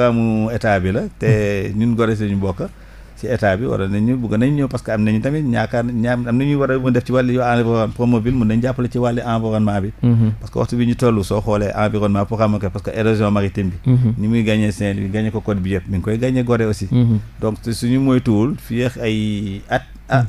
ba te ñun gore suñu bokk ci état bi war nañu bëgg nañ ñëw parce que am nañu tamit ñaakaar ñaam am nañu war a mën def ci wàllu environnement bi mm-hmm. parce que waxtu bi ñu toll soo xoolee environnement pour xam ko parce que érosion maritime bi mm-hmm. ni muy gagné Saint-Louis gagné ko côte bi yëpp mi ngi koy gagné Gorée aussi mm-hmm. donc suñu moytuwul fii ak ay at ah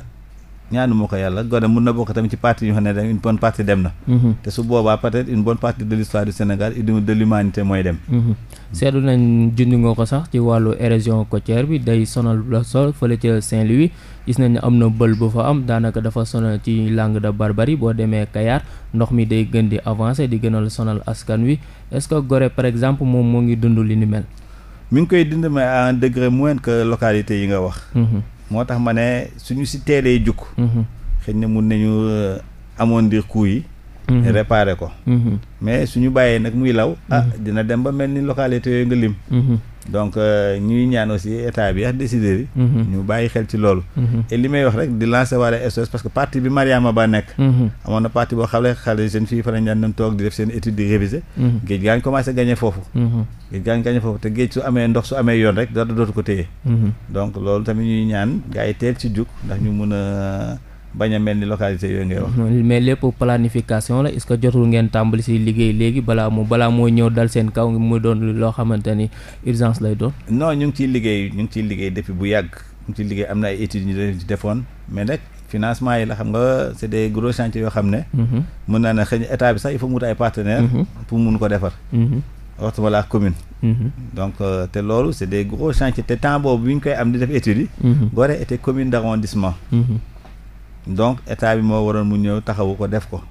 ñaanu ma ko yàlla gone mun na bokk tamit ci parti yoo xam ne une bonne partie dem na mhm. te su boobaa peut-être une bonne partie de l'histoire du Sénégal et de l'humanité mooy dem mhm. seetlu nañ jundi nga ko sax ci wàllu érosion côtière bi day sonal la sol fële ca Saint-Louis gis nañ am na bël bu fa am daanaka dafa sonal ci Langue de Barbarie boo demee Kayar ndox mi day gën di avancer di gënal sonal askan wi est-ce que Gorée par exemple moom moo ngi dund li ni mel mi ngi koy dind mais à un degré moins yi nga wax mhm. moo tax ma ne suñu si teelee jukk mhm. xëy na mun nañu euh, amoondir coût yi mhm. réparer ko mhm. mais suñu bàyyee nag muy law a ah, dina dem ba mel ni localité yooyu nga lim donc euh, ñuy ñaan aussi état bi ak décideurs yi. Mhm. ñu bàyyi xel ci loolu. Mhm. et li wax rek di lancer waale SOS parce que parti bi Mariama Ba nekk. Mhm. amoon na parti boo xam xale seen fii fa daan toog di def seen étude di réviser. géej gaa ngi commencé foofu. géej gaa ngi foofu te géej su amee ndox su amee yoon rek dootu ko téye. donc loolu tamit ñuy ñaan gaa yi teel ci jug ndax ñu mun a. bañ a mel ni localité yooyu ngay wax. mais lépp planification la est-ce que jotul ngeen tàmbali si liggéey léegi balaa mu balaa mooy ñëw dal seen kaw mu doon loo xamante urgence lay doon. non ñu ngi ciy liggéey ñu bu yàgg ñu ngi ciy liggéey am na ay études ñu ci defoon mais nag financement yi la xam nga c'est des gros chantiers yoo xam ne. Mhm. mën naa ne xëy état bi sax il faut mu wut ay partenaires. Mhm. pour mun ko defar. waxtu mhm. wala commune. donc euh, te donc état bi moo waroon mu ñëw taxawu ko def ko.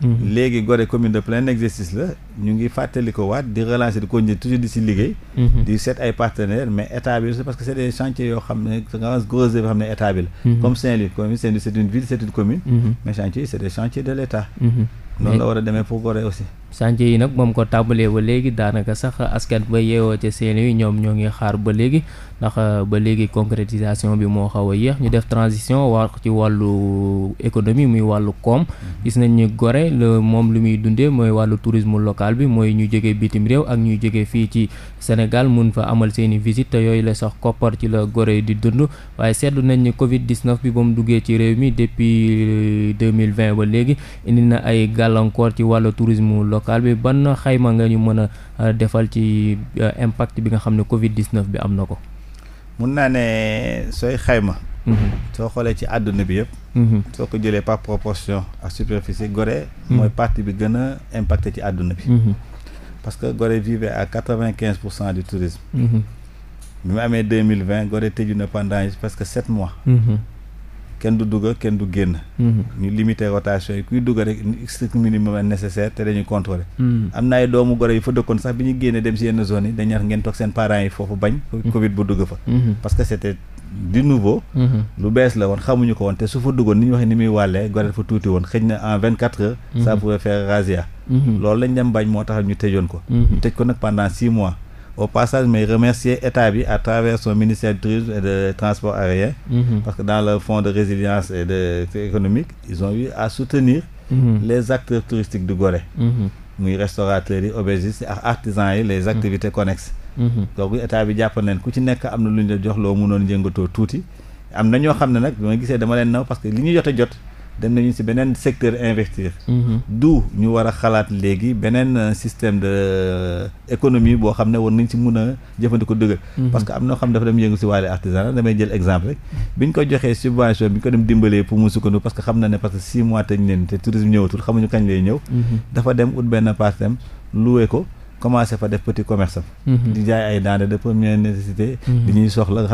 Mhm. léegi Gorée commune de plein exercice la ñu ngi fàttali ko waat di relancer di continuer toujours di si liggéey. Mhm. di seet ay partenaires mais état bi parce que c' est des yoo xam ne grandes grosses xam ne état bi la. Mhm. comme Saint-Louis commune Saint-Louis c' une ville c' une commune. mais chantier yi c' est des de l' noonu la war a demee pour Gorée aussi. chantier yi nag moom ko tàmbalee ba léegi daanaka sax askan ba yeewoo ca seen yi ñoom ñoo ngi xaar ba léegi ndax euh, ba léegi concrétisation bi moo xaw a yéex ñu def transition wax ci wàllu économie muy wàllu koom mm-hmm. gis nañ ni Gorée la moom lu muy dundee mooy wàllu tourisme local bi mooy ñu jóge bitim réew ak ñuy jógee fii ci Sénégal mun fa amal seeni i te yooyu la sax koppar ci la Gorée di dund waaye seetlu nañ ni Covid 19 bi ba mu duggee ci réew mi depuis 2020 euh, ba léegi indi na ay gàllankoor ci wàllu tourisme locale bi ban xayma nga ñu mën a defal ci impact bi nga xam ne Covid 19 bi am na ko. mun naa ne sooy xayma. Mhm. soo xoolee ci àdduna bi yëpp. Mhm. soo ko jëlee par proportion ak superficie Gorée. Mhm. mooy partie bi gën a impacté ci àdduna bi. parce que Gorée vivait à quatre vingt quinze pour cent du tourisme. bi mu amee deux mille vingt Gorée tëju na pendant presque sept mois. kenn du dugg kenn du génn. Mhm. ñu limité rotation yi kuy dugg rek strict nécessaire te dañuy contrôler. Mhm. am na ay doomu gore yu fa dëkkoon sax bi ñu génnee dem si yenn zone yi dañuy wax ngeen toog seen parents yi foofu bañ. Mhm. Covid bu dugg fa. parce que c'était di nouveau lu bees la woon xamuñu ko woon te su fa duggoon ni ñu waxee ni muy wàllee gore fa tuuti woon xëy na en vingt quatre heures. ça pourrait faire loolu lañ dem bañ moo tax ñu tëjoon ko. ñu tëj au passage may remercier état bi à travers son ministère du tourisme et de transport aérien mm-hmm. parce que dans le fonds de résilience et de, de économique ils ont eu à soutenir mm -hmm. les acteurs touristiques du Gorée mm-hmm. muy restaurateurs yi aubergistes ak artisans yi les activités connexes mm-hmm. donc état bi jàpp neen ku ci nekk am na lu ñu la jox loo mënoon jëngatoo tuuti am na ñoo xam ne nag bi ma gisee dama leen naw parce que li ñu jot jot dem nañu si beneen secteur investir. Mhm. du ñu war a xalaat léegi beneen euh, système de euh, économie boo xam ne war nañ si mun a jëfandikoo dëgër. Mhm. parce que am na xam dafa dem yëngu si wàllu artisanat damay jël exemple rek. Mhm. bi ñu ko joxee subvention bi ñu ko dem dimbalee pour mu sukkandu parce que xam na ne parce que 6 mois tëj leen te tourisme ñëwatul xamuñu kañ lay ñëw. dafa dem ut benn partie am loué ko. commencé fa def petit commerce am di jaay ay denrées de première nécessité di ñuy soxla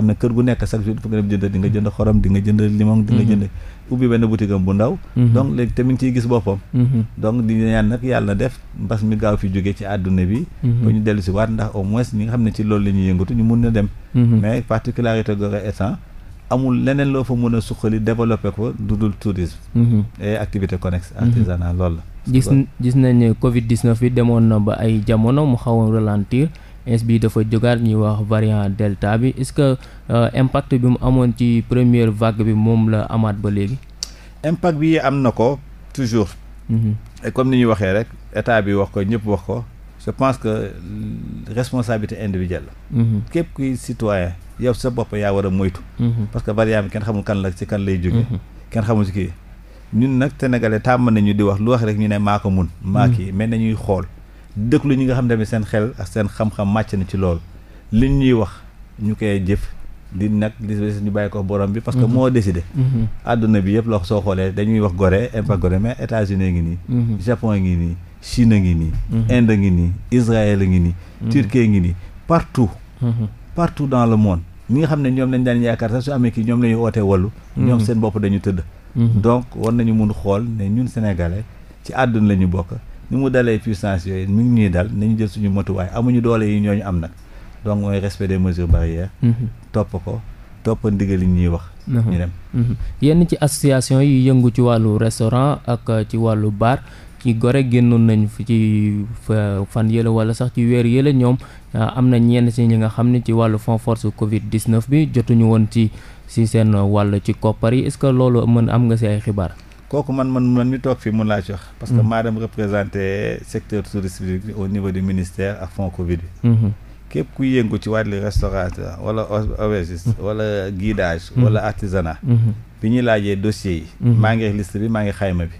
ubbi benn boutique am bu ndaw. Mhm. donc léegi tamit ciy gis boppam. Mhm. donc di ñaan nag yàlla def mbas mi gaaw fi jóge ci àdduna bi. Mhm. ba ñu dellu waat ndax au moins ñi xam ne ci loolu la ñuy ñu mun na dem. mais particularité Gorée Essan amul leneen loo fa mën a suqali développé ko du dul tourisme. et activité connexe artisanale loolu la. gis gis nañ ne Covid 19 bi demoon na ba ay jamono mu xawoon ralentir. ins bi dafa jógaat ñuy wax variant delta bi est-ce que euh, impact bi mu amoon ci première vague bi moom la amaat ba léegi impact bi am na ko toujours mhm. et comme ni ñu waxee rek état bi wax ko ñëpp wax ko je pense que responsabilité individuelle la mhm. képp kuy citoyen yow sa bopp yaa war a moytu mhm. parce que variant bi kenn xamul kan la ci kan lay jóge kenn xamul ci kii ñun nag sénégalais tàmm nañu di wax lu wax rek ñu ne maa mun maa kii na ñuy xool déglu ñi nga xam ne seen xel seen xam-xam na ci lool li ñuy wax ñu koy jëf di nag li ñu bàyyi ko borom bi parce que mhm. moo de mhm. àdduna bi yëpp la soo xoolee dañuy wax Gorée impact Gorée mais États-Unis ngi nii mhm. Japon ngi nii Chine ngi nii Inde ngi nii Israël ngi nii Turquie ngi nii partout partout dans le monde ñi nga xam ne ñoom lañ daan yaakaar sax su amee kii ñoom la ñu ootee wallu ñoom seen bopp dañu tëdd donc war nañu mun xool ne ñun sénégalais ci àdduna la ñu bokk ni mu dalee puissance yooyu mi ngi ñuy dal nañu jël suñu motuwaay amuñu doole yi ñooñu am nag donc mooy respect des mesures barrières mhm. topp ko topp ndigal yi ñuy wax mhm. ñu dem mhm. yenn ci association yi yëngu ci wàllu restaurant ak uh, ci wàllu bar ci gore génnoon nañ fi ci uh, fan yële wala sax ci weer yële ñoom uh, am na ñenn si ñi nga xam ne ci wàllu fond force covid 19 bi jotuñu woon ci si seen wàll ci koppar yi est loolu mën am nga si ay xibaar kooku man man man mi toog fii mun laa ci wax. parce que mm-hmm. maa dem représenté secteur touristique bi au niveau du ministère ak fond Covid bi. Mm-hmm. képp ku yëngu ci wàllu restauration wala aubergiste mm-hmm. wala guidage. wala artisanat. bi ñu laajee dossiers yi. maa ngi liste bi maa ngi xayma bi.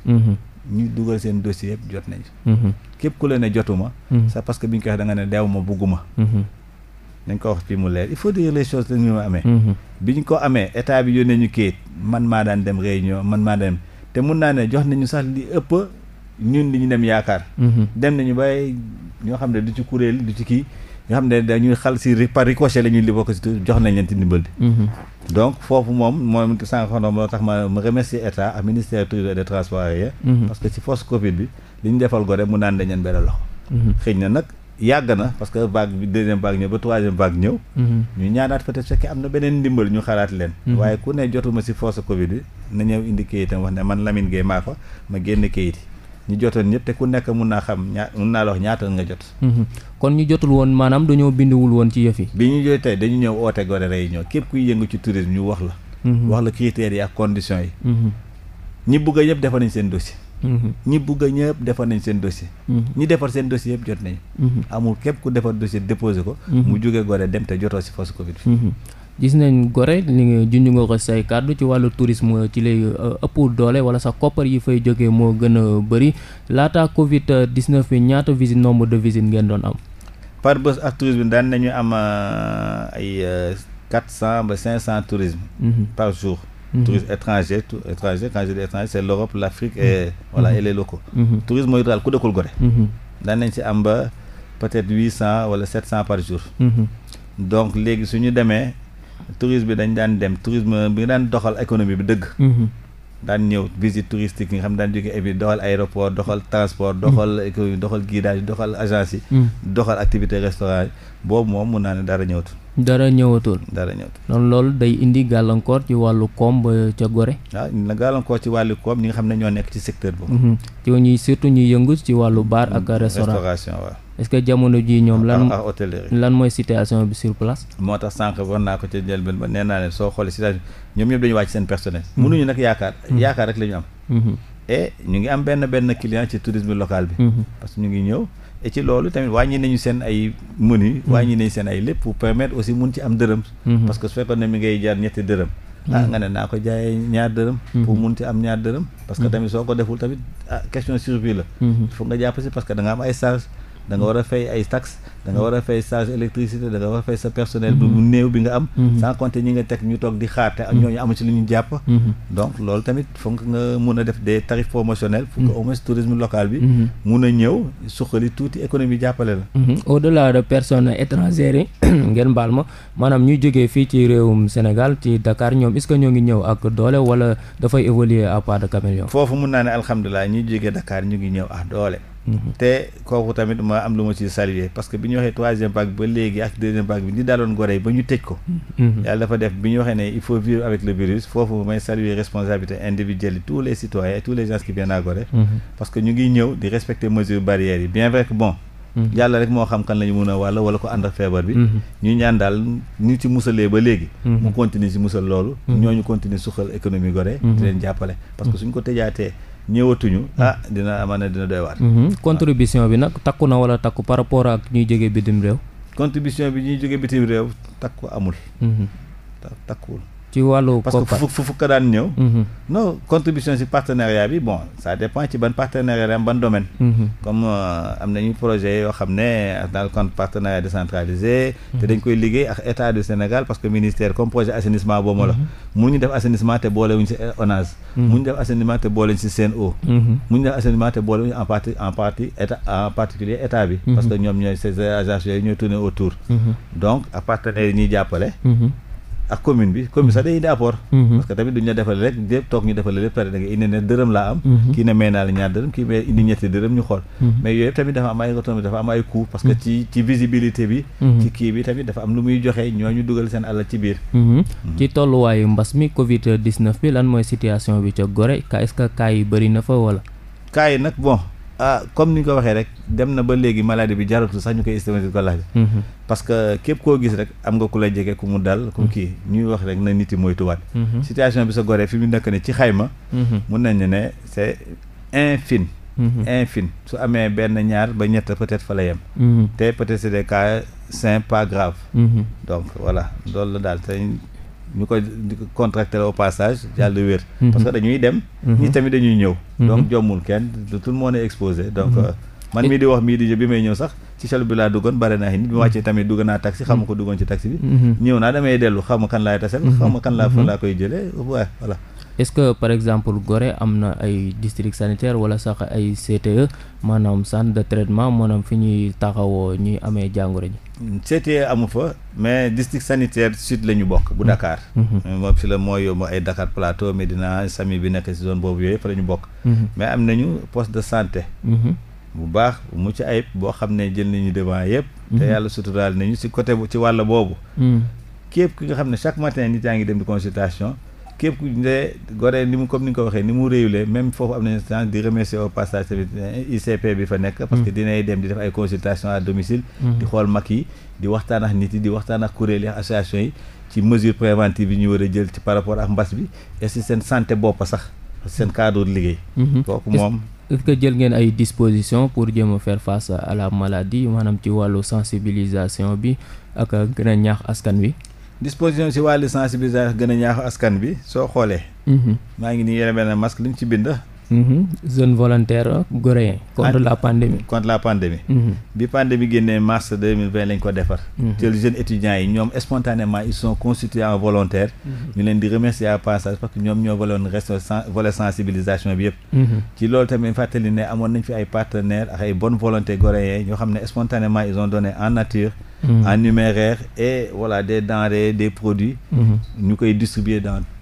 ñu dugal seen dossier yëpp jot nañu. képp ku la ne jotuma. c'est parce que bi ñu ko waxee da nga ne deewuma bugguma. nañ ko wax fii mu leer il faut dire les choses la ñu amee. bi ñu ko amee te mun naa ne jox nañu sax li ëpp ñun li ñu dem yaakaar. Mhm. dem nañu bay ñoo xam ne du ci kuréel du ci kii ñoo xam ne dañuy xal si par ricochet la ñuy li bokk si jox nañ leen ci ndimbal bi. Mhm. donc foofu moom moom sànq moo tax ma ma remercier état ak ministère des transports aériens. Mhm. parce que si force Covid bi li ñu defal gore mun naan dañu leen benn loxo. xëy na nag. yàgg na parce que vague bi deuxième vague ñëw ba troisième vague ñëw. Mhm. ñu ñaanaat peut-être fekkee am na beneen ndimbal ñu xalaat leen. Mhm. waaye ku ne jotuma si force Covid bi na ñëw indi kayitam wax ne man Lamine Gueye maa fa ma génn kayit yi ñu jotoon ñëpp te ku nekk mun naa xam ñaa mun naa la wax ñaata nga jot. Mhm. kon ñu jotul woon maanaam dañoo binduwul woon ci yëf yi. bi ñu jotee tey dañu ñëw oote gore réunion képp kuy yëngu ci tourisme ñu wax la. wax la critères yi ak conditions yi. ñi Mm-hmm. ñi bugg a ñëpp defar nañ seen dossier mm-hmm. ñi defar seen dossier yëpp jot nañ mm-hmm. amul képp ku defar dossier déposé ko mu jóge Gorée dem te jotoo si force Covid bi gis nañ Gorée li nga ko say kàddu ci wàllu tourisme ci lay uh, ëpp doole wala sax koppar yi fay jógee moo gën a bëri laata Covid 19 bi ñaata visite nombre de visite ngeen doon am par bés ak tourisme daan nañu am euh, ay euh, quatre cent ba cinq cent tourisme par jour Mm-hmm. tourisme étranger étranger quand je dis l' Europe l' Afrique et mm-hmm. voilà mm-hmm. et les locaux tourisme mooy daal ku dëkkul Gorée daan nañ si am ba peut être huit cent wala sept cent par jour donc léegi suñu demee tourisme bi dañ daan dem tourisme bi daan doxal économie bi dëgg daan ñëw visite touristique yi nga xam daan jóge et puis doxal aéroport doxal transport doxal économie doxal guidage doxal agence yi doxal activité restaurant boobu moom mun naa ne dara ñëwatu dara ñëwatul. dara ñëwatul loolu day indi gàllankoor ci wàllu koom ba ca Gorée. waaw ah, na gàllankoor ci wàllu koom ñi nga xam ne ñoo nekk ci secteur boobu. Mhm. ci ñuy surtout ñuy ci wàllu bar ak. Mm-hmm. restaurant restauration waaw. est-ce que jamono jii ñoom ah, ah, lan mooy situation bi sur place. moo tax sànq war naa ko ca njëlbeen ba nee naa leen soo xoolee situation ñoom ñëpp dañu wàcc seen personnel. Mhm. mënuñu nag yaakaar. Mhm. yaakaar rek la ñu am. et ñu ngi am benn benn client ci tourisme local bi. parce que ñu ngi ñëw. et ci loolu tamit wàññi nañu seen ay menu mm-hmm. wàññi nañu seen ay lépp pour aussi mun ci am dërëm mm-hmm. parce que su fekkoon ne mi ngay jaar ñetti dërëm mm-hmm. ah nga ne naa ko jaayee ñaar dërëm pour mun ci am ñaar dërëm parce que tamit soo ko deful tamit ah question survie la foog nga jàpp si parce que da nga am ay charge da nga war a ay taxes da war a fay charge électricité da war a fay sa personnel bu mhm. néew bi nga am mhm. sans compter ñi nga teg ñu toog di xaar te ak mhm. ñooñu amu ci li ñu jàpp donc loolu tamit foog nga a def a ñëw suqali (clears throat) fii ci réewum Sénégal ci Dakar ñoom est-ce que ñoo ngi ñëw ak doole wala dafay évoluer à pas de caméléon foofu mun naa ne alhamdulilah ñuy jógee Dakar ñu ngi ñëw ak doole te kooku tamit ma am lu ma ci saluer parce que bi ñu waxee troisième vague ba léegi ak deuxième vague bi ni daaloon Gorée ba ñu tëj ko mm-hmm. yàlla dafa def bi ñu waxee ne il faut vivre avec le virus foofu may saluer responsabilité individuelle tous les citoyens tous les gens qui viennent à mm-hmm. parce que ñu ngi ñëw di respecter mesures barrières yi bien vrai bon mm-hmm. yàlla rek moo xam kan la ñu a wàll wala ko ànd ak feebar bi ñu ñaan daal ñu ci musalee ba léegi mu continuer ci musal loolu ñooñu continuer suqal économie Gorée ñëwatuñu hmm. ah dina amaana dina doy waar mm-hmm. ah. contribution bi nag takku na wala takku par rapport ak ñuy jógee bitim réew contribution bi ñuy jógee bitim réew takku amul mm-hmm. takkuwul ci wàllu parce que fu fukk daan ñëw mhm. non contribution si partenariat bi bon ça dépend ci ban partenariat ban domaine mhm. comme euh, am nañu projet yoo xam ne dans le compte partenariat décentralisé te mhm. dañ koy liggéey ak état du Sénégal parce que ministère comme projet assainissement boobu la mënuñu def assainissement te boole wuñu si ONAS mënuñu def assainissement te boole wuñu si CNO mënuñu def assainissement te boole wuñu en partie en partie état en particulier état bi ak commune bi commune sax day indi apport mhm. parce que tamit duñu la defal rek lépp toog ñu defal pare da indi ne dërëm laa am mhm. kii ne may naa la ñaar dërëm kii may indi ñetti ñu xool mhm. mais yooyu tamit dafa am ay retombées dafa am ay coût parce que ci visibilité bi ci kii bi tamit dafa am lu muy joxe ñoo ñu dugal seen àll ci biir ci tolluwaayu mbas mi covid 19 bi lan mooy situation bi ca Gorée ka est-ce yi bëri na fa wala kaa yi nag bon ah comme ni ñu ko waxee rek dem na ba léegi maladie bi jaratul sax ñu koy estimé ko laaj. Mhm. parce que képp koo gis rek am nga ku la jege ku mu dal ku mhm. kii ñuy wax rek na nit moytuwaat. Mhm. situation bi sa goree fi mu nekk ne ci xayma. mun nañu ne c'est infime. infime su amee benn ñaar ba ñett peut-être fa la yem. te peut-être c'est des cas sains pas grave. donc voilà loolu daal te. ñu ko contracté au passage yàlla wér mhm. parce que dañuy dem ñi mhm. tamit dañuy ñëw mhm. donc jommul kenn tout le monde est exposé donc euh, man mii di wax mii di jë bi may ñëw sax ci chaloupe bi laa duggoon bare naa nit bi wàccee tamit dugg naa taxi xam ma ko duggoon ci taxi bi ñëw naa damay dellu xam ma kan laa tasel xam ma kan laa fa laa koy jëlee waaw est-ce que par exemple gore am na ay district sanitaire wala sax ay CTE maanaam centre de traitement maanaam fi ñuy taxawoo ñuy amee jàngoro ji. Mm, CTE amu fa mais district sanitaire sud la ñu bokk. bu mm-hmm. Dakar. moom mm-hmm. mm, fi la mooy yomb ay Dakar Plateau Médina Samy bi nekk si zone boobu yooyu fa la ñu bokk. Mm-hmm. mais am nañu poste de santé. bu baax bu mucc ayib boo xam ne jël nañu devant yëpp. te yàlla suturaal nañu si côté ci wàll boobu. Mm. képp ki nga xam ne chaque mat nit yaa ngi dem di képp de Gorée ni mu comme ni ko waxee ni mu réewle même foofu am nañu chance di remercier au passage tamit eh, ICP bi fa nekk parce que mm. dinay dem di def ay consultation à domicile mm-hmm. di xool mag yi di waxtaan ak nit yi di waxtaan ak kuréel yi association yi ci mesure préventive yi ñu war a jël ci par rapport ak mbas bi et si seen santé bopp sax seen cadre liggéey mm-hmm. kooku moom est-ce que jël ngeen ay disposition pour jéem a faire face à la maladie maanaam ci wàllu sensibilisation bi ak gën a askan wi disposition si wàllu sensibilisation gën a ñaax askan bi soo xoolee. Mhm. maa ngi nii yore benn masque li ñu ci bind. Mhm. jeune volontaire goréen contre ah, la pandémie contre la pandémie mhm. bi pandémie génnee mars 2020 lañ ko defar te mhm. jeunes étudiants yi ñoom spontanément ils sont constitués en volontaire ñu leen di remercier à passage parce que ñoom ñoo valoon reste volet sensibilisation bi yëpp ci loolu tamit fàttali ne amoon nañ fi ay partenaires ak ay bonne volonté goréen ñoo xam ne spontanément ils ont donné en nature en numéraire et voilà des denrées des produits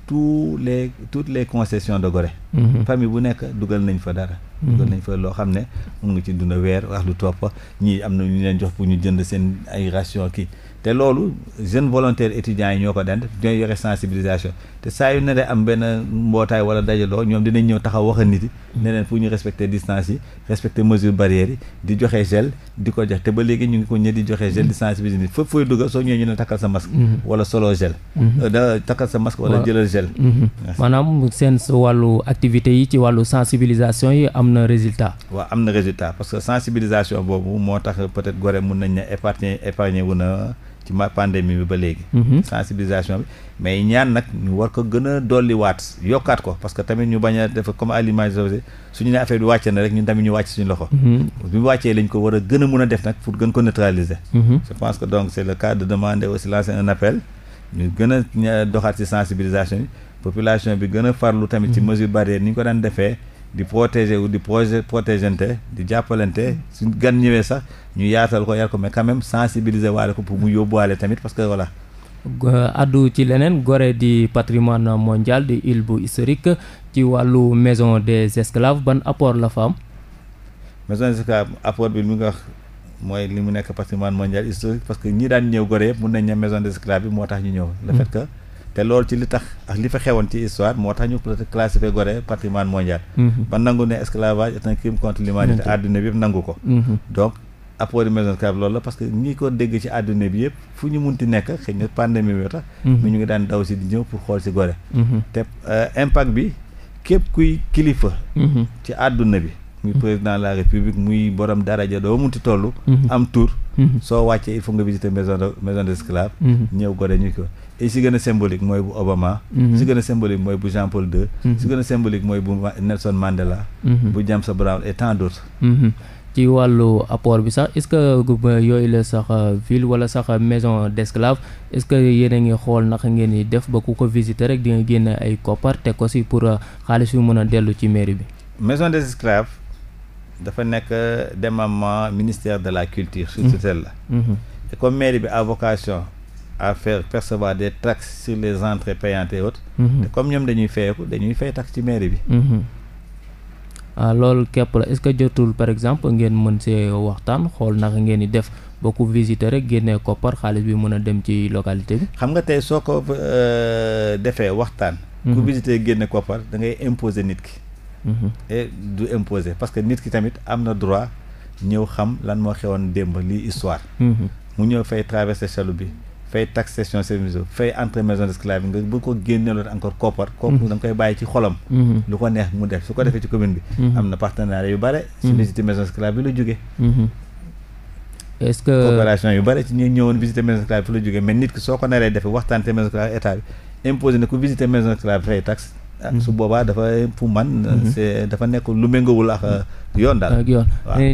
tout les toutes les concessions de Gorée. Mhm. bu nekk dugal nañ fa dara. dugal mhm. nañ fa loo xam ne mun nga ci dund weer wax lu topp ñii am na ñu leen jox pour ñu jënd seen ay ration kii. te loolu jeune volontaire étudiants yi ñoo ko daan def ñooy yore sensibilisation te saa yu ne am benn mbootaay wala dajaloo ñoom dinañ ñëw taxaw wax a nit yi ne fu ñu respecter distance yi respecter mesure barrières yi di joxe gel di ko jox te ba léegi ñu ngi ko ñëw di joxe gel di sensibiliser nit fépp fooy dugg soo ñëwee ñu ne takkal sa masque mhm. wala solo gel mhm. da takkal sa masque wala jëlal gel mhm. maanaam seen wàllu activité yi ci wàllu sensibilisation yi am na résultat waaw am na résultat parce que sensibilisation boobu moo tax peut-être gore mun nañ ne épargner épargner wu ci ma pandémie bi ba léegi. Mhm. sensibilisation bi mais ñaan nag ñu war ko gën a dolliwaat yokkaat ko parce que tamit ñu bañ a def comme à l'image suñu ne affaire bi wàcce na rek ñun tamit ñu wàcc suñu loxo. Mhm. bi wàccee lañ ko war a gën a mun a def nag pour gën ko neutraliser. Mhm. je pense que donc c'est le cas de demander aussi lancer un appel ñu gën a doxaat ci sensibilisation bi population bi gën farlu tamit ci mesure barrière ni ñu ko daan defee. di protégé wu di projet protégente di jàppalante suñ gan ñëwee sax ñu yaatal ko yar ko mais quand même sensibiliser waale ko pour mu yóbbuwaale tamit parce que voilà addu ci leneen gore di patrimoine mondial di île bu historique ci wàllu maison des esclaves ban apport la fa am maison des esclaves apport bi mu ngi wax mooy li mu nekk patrimoine mondial historique parce que ñi daan ñëw Gorée yëpp mun nañ ne maison des esclaves bi moo tax ñu ñëw le hmm. fait que te loolu ci li tax ak li fa xewoon ci histoire moo tax ñu peut-être classifié Gorée patrimoine mondial mhm. ba nangu ne esclavage est un crime contre l'humanité àdduna bi yëpp nangu ko mhm. donc apport maison esclave loolu la parce que ñi ko dégg ci àdduna bi yëpp fu ñu munti nekk xëy na bi tax mi mhm. ñu ngi daan daw si di ñëw pour xool si Gorée te euh, impact bi képp kuy kilifa ci àdduna bi muy président de la république muy borom daraja doo munti toll am tour soo wàccee yi si gën a symbolique mooy bu Obama. Mhm. si gën a symbolique mooy bu Jean Paul II. Mhm. si gën a symbolique mooy bu Nelson Mandela. Mhm. bu James Brown et tant d'autres. ci wàllu apport bi sax est-ce que yooyu la sax euh, ville wala sax euh, maison d'esclave est-ce que yéen a ngi xool naka ngeen di def ba ku ko visiter rek di nga génne ay koppar teg ko si pour euh, xaalis yu mën a dellu ci maire bi. maison des esclaves dafa nekk démembrement ministère de la culture. sur tutelle la. comme mairie à faire percevoir des taxes sur les entrées payantes et autres. Mhm. comme ñoom dañuy fayeeku dañuy fay taxe ci mairie bi. Mhm. ah loolu képp la est-ce que jotul par exemple ngeen mën see waxtaan xool naka ngeen di def ba ku visiter rek génnee koppar xaalis bi mën a dem ci localité bi. xam nga tey soo ko euh, defee waxtaan. ku mhm. visiter génne koppar da ngay nit ki. et du imposer parce que nit ki tamit am na droit ñëw xam lan moo xewoon démb lii histoire. mu ñëw fay traverser chaloupe fay taxation service fay entre maison d'esclavage nga bu ko génneeloon encore koppar mhm. koy bàyyi ci xolam mhm. lu ko neex mu su ko defee ci commune bi mhm. am na partenariat yu bare su visité maison d'esclavage bi la est-ce que coopération yu bare ci ñëwoon visité maison d'esclavage bi fi la soo ko naree defee waxtaante maison d'esclavage état bi imposé na ku visité maison d'esclavage ah, su boobaa dafa fu man dafa nekk lu méngawul ak euh, yoon daal ak yoon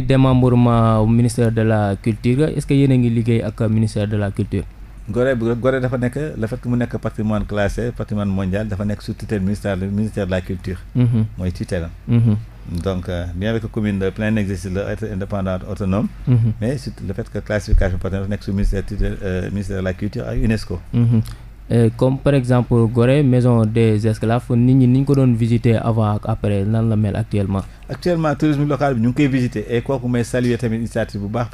démembrement ministère de la culture est-ce que yéen ngi liggéey ak euh, ministère de la culture Gorée Gorée dafa nekk le fait que mu nekk patrimoine classé patrimoine mondial dafa nekk sous tutelle ministère de la culture. Mm-hmm. mooy tutelle mm-hmm. euh, mm-hmm. la euh, ministère de la culture ak UNESCO. Euh, comme par exemple Gorée maison des esclaves nit ñi ni ñu ko doon visiter avant ak après nan la mel actuellement. actuellement tourisme local bi ñu ngi koy visiter et kooku may saluer tamit initiative bu baax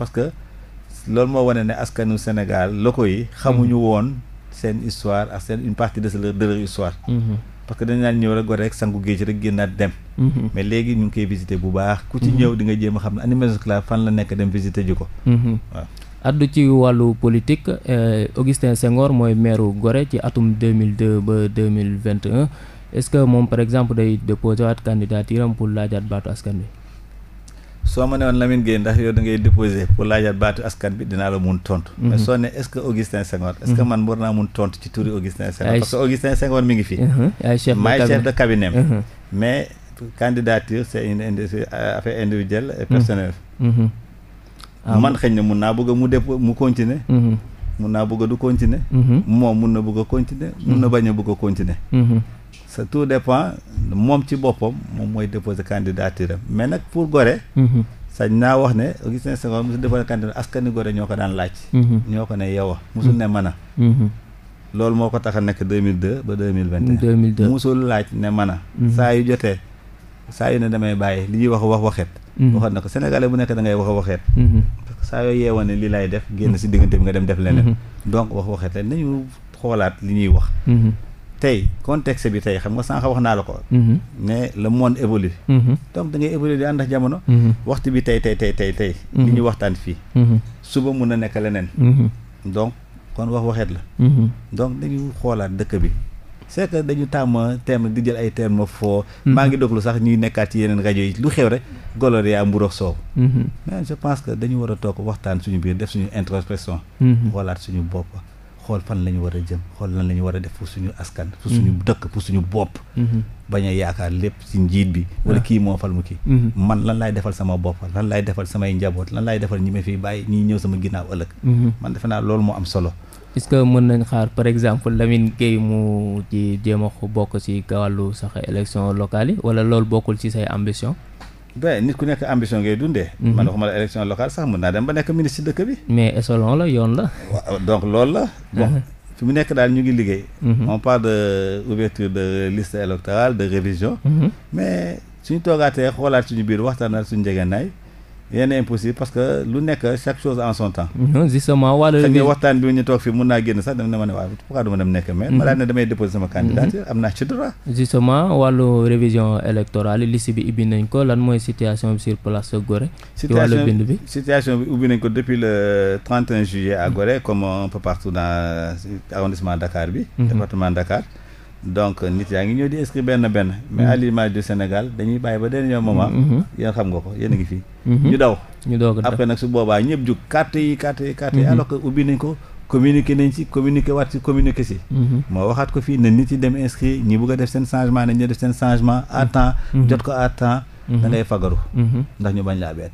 loolu moo wane ne askanu Sénégal locaux yi xamuñu mhm. woon seen histoire ak seen une partie de leur de leur histoire mhm. parce que dañ naan ñëw rek rek sangu géej rek génnaat dem mhm. mais léegi ñu ngi koy visité bu baax ku ci ñëw di nga jéem a xam ne Animation Club fan la nekk dem visité ji ko waaw addu ci wàllu politique euh, Augustin Senghor mooy maire gore ci atum 2002 ba 2021 est-ce que moom par exemple day déposé waat candidature am pour laajaat baatu askan wi soo ma ne woon Lamine Gueye ndax yow da ngay déposé pour laajaat baatu askan bi dinaa la mun tontu. Mhm. mais soo ne est-ce que Augustin Senghor. est-ce que mhm. man war naa mun tontu ci turi Augustin Senghor. parce que Augustin Senghor mi ngi fi. Mhm. ay chef de cabinet mais candidature c'est une indi ah, man xëy na mun naa bëgg mu def mu continuer. mun naa bëgg du continuer. moom mun na bëgg a continuer mun na bañ a bëgg a ça tout dépend moom ci boppam moom mooy déposer candidature am mais nag pour Gorée. Mhm. sañ naa wax ne Augustin Senghor mosul déposer mhm. a a. Mhm. loolu moo ko tax a nekk deux mille ba deux mille vingt et un mosul a. saa yu jotee saa yu ne damay bàyyi li ñuy wax wax waxet. waxoon na ko sénégalais bu nekk da ngay wax waxet. parce que saa yoo yeewoon ne lii laay def génn si diggante bi nga dem def leneen. donc wax waxet la xoolaat li ñuy wax. tey contexte bi tey xam nga sànq wax naa la ko. Mhm. ne le monde évolue. Mhm. donc da ngay évoluer di ànd ak jamono. Mhm. waxtu bi tey tey tey tey tey. li ñu waxtaan fii. suba mun na nekk leneen. donc kon wax waxeet la. donc dañu xoolaat dëkk bi. c'est que dañu tàmm thème di jël ay thème foo. maa ngi déglu sax ñuy nekkaat ci yeneen rajo yi lu xew rek goloor yaa mburu ak soow. mais je pense que dañu war a toog waxtaan suñu biir def suñu introspection. xoolaat suñu bopp. xool fan la ñu war a jëm xool lan la ñu war a def pour suñu askan pour suñu mhm. dëkk pour suñu bopp mhm. bañ yaakaar lépp ci njiit bi ah. wala kii moo fal mu kii mhm. man lan laay defal sama bopp lan laay defal samay njaboot lan lay defal ñi ma fiy bàyyi ñi ñëw sama ginnaaw ëllëg man defe naa loolu moo am solo est que mën nañ xaar par exemple Lamine Gueye mu ci jéem a bokk ci wàllu sax élection locale yi wala loolu bokkul ci say ambition ba nit ku nekk ambition ngay dundee. Mhm. man waxuma la élection locale sax mën naa dem ba nekk ministre dëkk bi. mais selon la yoon la. waaw donc loolu la. bon uh-huh. fi mu nekk daal ñu ngi liggéey. Mhm. on parle de ouverture de liste électorale de révision. Mhm. mais suñu toogaatee xoolaat suñu biir waxtaanaat suñu njëgënaay. yenn impossible parce que lu nekk chaque chose en son temps. non justement wala. na waxtaan bi ñu toog fii mun naa génn sax dama ne ma ne waaw pourquoi du ma nekk maire. ma daal mhm. ne damay déposer sama candidature mhm. am naa ci droit. justement wàllu révision électorale liste bi ubbi nañ ko lan mooy situation bi sur place Gorée. ci bind bi situation bi ubbi nañ ko depuis le 31 juillet à mhm. Gorée comme un peu partout dans arrondissement Dakar bi. département Dakar. donc nit yaa ngi ñëw di inscrire benn benn. mais mhm. à l'image du Sénégal dañuy bàyyi ba dernier moment. Mhm. Mhm. yéen xam nga ko yéen a ngi fii. ñu daw. ñu daw après nag su boobaa ñëpp jug carte yi carte yi carte yi alors que ubbi nañ ko. communiqué nañ ci communiqué waat ci communiqué ci moo waxaat ko fii ne nit yi dem inscrit ñi bëgg a def seen changement nañ ñu def seen changement à jot ko à temps da ngay fagaru ndax ñu bañ laa bett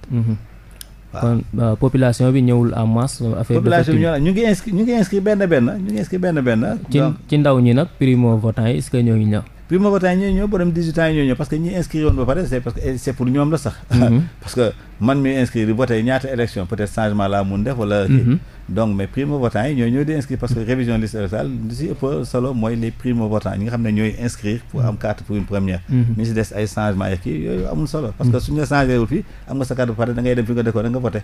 kon euh, population bi ñëwul en masse. affaire population bi ñu ngi inscrit ñu ngi inscrit benn benn ñu ngi inscrit benn benn. ci ci ndaw ñi nag primo votant yi est-ce que ñoo ngi primo-votants yi ñoo ñëw borom 18 ans yi ñoo ñëw parce que ñi inscrire woon ba pare c'est eh, pour ñoom la sax. Mhm. (laughs) parce que man mi inscrire di voté mhm. yi ñoo ñëw di parce que révision liste électorale si ëpp solo mooy les primo-votants ñi nga xam ne ñooy inscrire pour am carte pour une première. ñu mhm. des ay changements yeeg kii yooyu amul solo. parce que suñu la changé wul fii am nga sa carte ba pare dem fi nga décoré nga voté.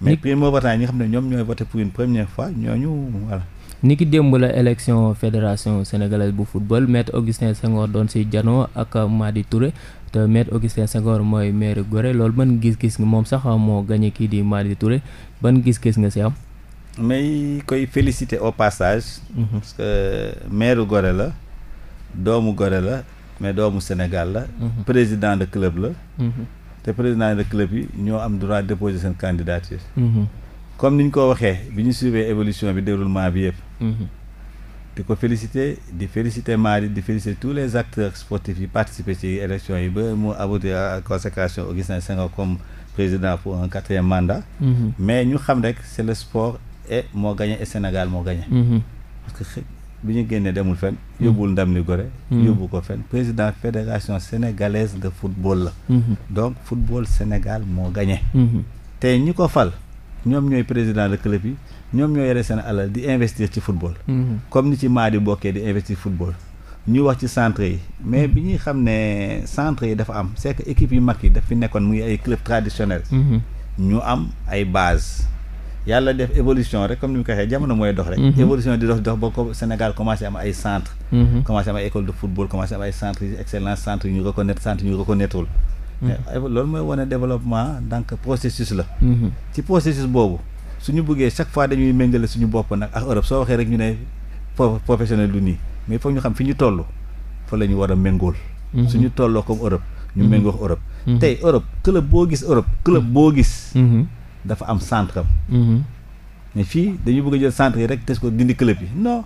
mais primo-votants yi nga ni ki démb la élection fédération sénégalaise bu football maître Augustin Senghor doon si janoo ak Madi Touré te maître Augustin Senghor mooy maire Gorée loolu ban gis-gis nga moom sax moo gañe kii di Madi Touré ban gis-gis nga si am. may koy félicité au passage. Mhm. parce que maire Gorée la doomu Gorée la mais doomu Sénégal la. Mhm. président de club la. Mhm. te président de club yi ñoo am droit déposer seen candidature. comme ni ñu ko waxee bi ñu suivee évolution bi déroulement bi yëpp. Mhm. di ko féliciter di féliciter Mari di féliciter tous les acteurs sportifs yi participer ci élection yi ba mu aboutir à consécration Augustin Senghor comme président pour un quatrième mandat. Mhm. mais ñu xam rek c'est le sport et moo gagné et Sénégal moo gagné. Mhm. parce que bi ñu génnee demul fenn. yóbbul ndam li gore. yóbbu ko fenn président fédération sénégalaise de football la. donc football Sénégal moo gagné. ko fal. ñoom ñooy président de club yi ñoom ñoo yore seen alal di investir ci football. Mhm. comme ni ci Madi bokkee di investir football. ñu wax ci centre yi mais mhm. bi ñuy xam ne centre yi dafa am c'est que équipe mag yi daf fi nekkoon muy ay club traditionnel mhm. ñu am ay base yàlla def évolution rek comme ni mu ko waxee jamono mooy dox rek évolution di dox dox ba ko Sénégal commencé am ay centre commencé am ay école de football commencé am ay centre yi loolu mooy wane développement donc processus la mhm. ci processus boobu suñu bëggee chaque fois dañuy méngale suñu bopp nag ak Europe soo waxee rek ñu ne professionnel du nii mais foog ñu xam fi ñu toll fa la ñu war a méngool mhm. suñu tolloo comme Europe ñu mhm. méngoo ak Europe tey Europe club boo gis Europe club boo gis dafa am centre am mais fii dañu bëgg jël centre yi rek tes ko dindi club yi no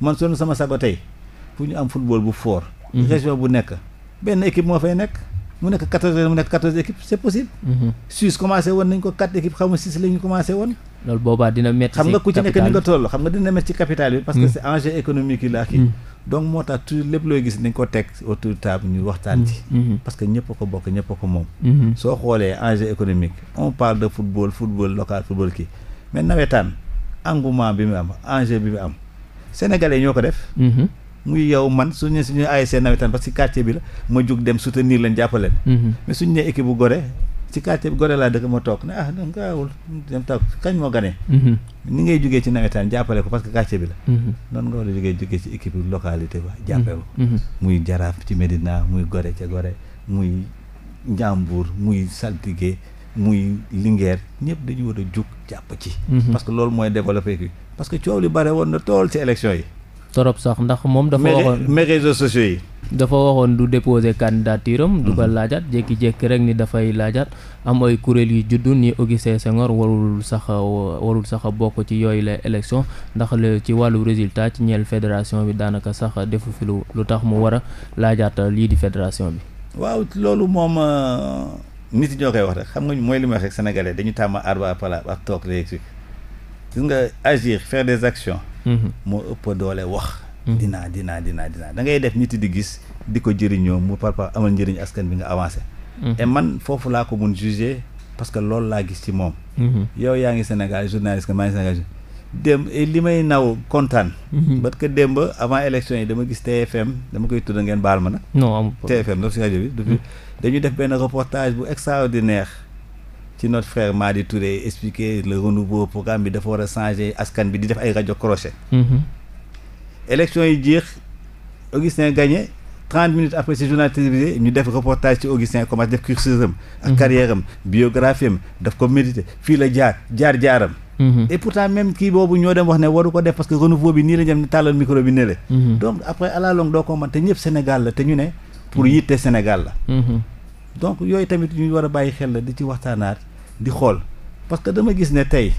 man son sama sago tey fu ñu am football bu foor région bu nekk benn équipe moo fay nekk mu nekk quatorze mu nekk quatorze équipes c' est possible. Mhm. Suisse commencé woon nañ ko quatre équipes xaw ma six la woon. loolu boobaa dina métti xam nga ku ci nekk ni nga toll xam nga dina métti ci capital bi. parce que mhm. c' est enjeu économique yi laa kii. Mhm. donc moo tax tu looy gis nañ ko teg autour de waxtaan ci. parce que ñëpp ko bokk ñëpp ko moom. soo xoolee enjeu économique on parle de football football local football kii mais nawetaan engouement bi mu am enjeu bi mu ko def. muy yow man suñu suñu ASC nawetaan parce que quartier bi la ma jug dem soutenir leen jàppale leen mhm. mais suñu nee équipe bu Gorée ci quartier bi Gorée laa dëkk ma toog ne ah donc gaawul a taw mhm. ngay jugee ci nawetaan jàppale ko parce que quartier bi la mhm. noonu nga war a jugee jugee ci équipe localité ba jàppale ko muy jaraaf ci Médina muy Gorée ca Gorée muy Njàmbur muy saltige muy Linguère ñëpp dañu war a jug jàpp ci parce que loolu mooy développé kii parce que coow li bare woon na tool ci élection yi torop sax ndax moom dafa waxoon mais réseaux sociaux yi dafa waxoon du déposer candidature am du ko mhm. laajaat jékki-jékki rek ni dafay laajaat am ay kuréel yu juddu ni Augustin Senghor warul sax warul sax bokk ci yooyu la élection ndax ci wàllu résultat ci ñeel fédération bi daanaka sax defu fi lu tax mu war a laajaat lii di fédération bi waaw loolu moom euh, nit ñoo koy wax rek xam nga mooy li ma wax dañu tàmm arbre à ak toog léegi gis nga agir faire des actions Mhm. moo ëpp doole wax mhm. dinaa dinaa dinaa dinaa da ngay def nit di gis di ko jëriñoo mu par par amal njëriñ askan bi nga avancé mhm. et man foofu laa ko mun juger parce que loolu laa gis ci moom yow yaa ngi Sénégal journaliste que maa ngi Sénégal démb li may naw kontaan parce que démb avant élection yi dama gis TFM dama koy tudd ngeen baal ma nag non TFM daf si rajo bi dañu def benn reportage bu extraordinaire ci notre frère Madi Touré expliquer le renouveau programme bi dafa war a changer askan bi di def ay rajo crochet. Mhm. élection yi jeex Augustin gagné trente minutes après ci journal télévisé ñu def reportage ci Augustin commencé def cursus am. ak mhm. carrière am daf ko médité fii la jaar jaar jaaram. Mhm. et pourtant même kii boobu ñoo dem wax ne waru ko def parce que renouveau bi nii la ñu tàllal micro bi ne la. donc après à la longue doo ko mën te ñëpp Sénégal donc yooyu tamit ñu war a bàyyi xel la di ci waxtaanaat di xool parce que dama gis ne tey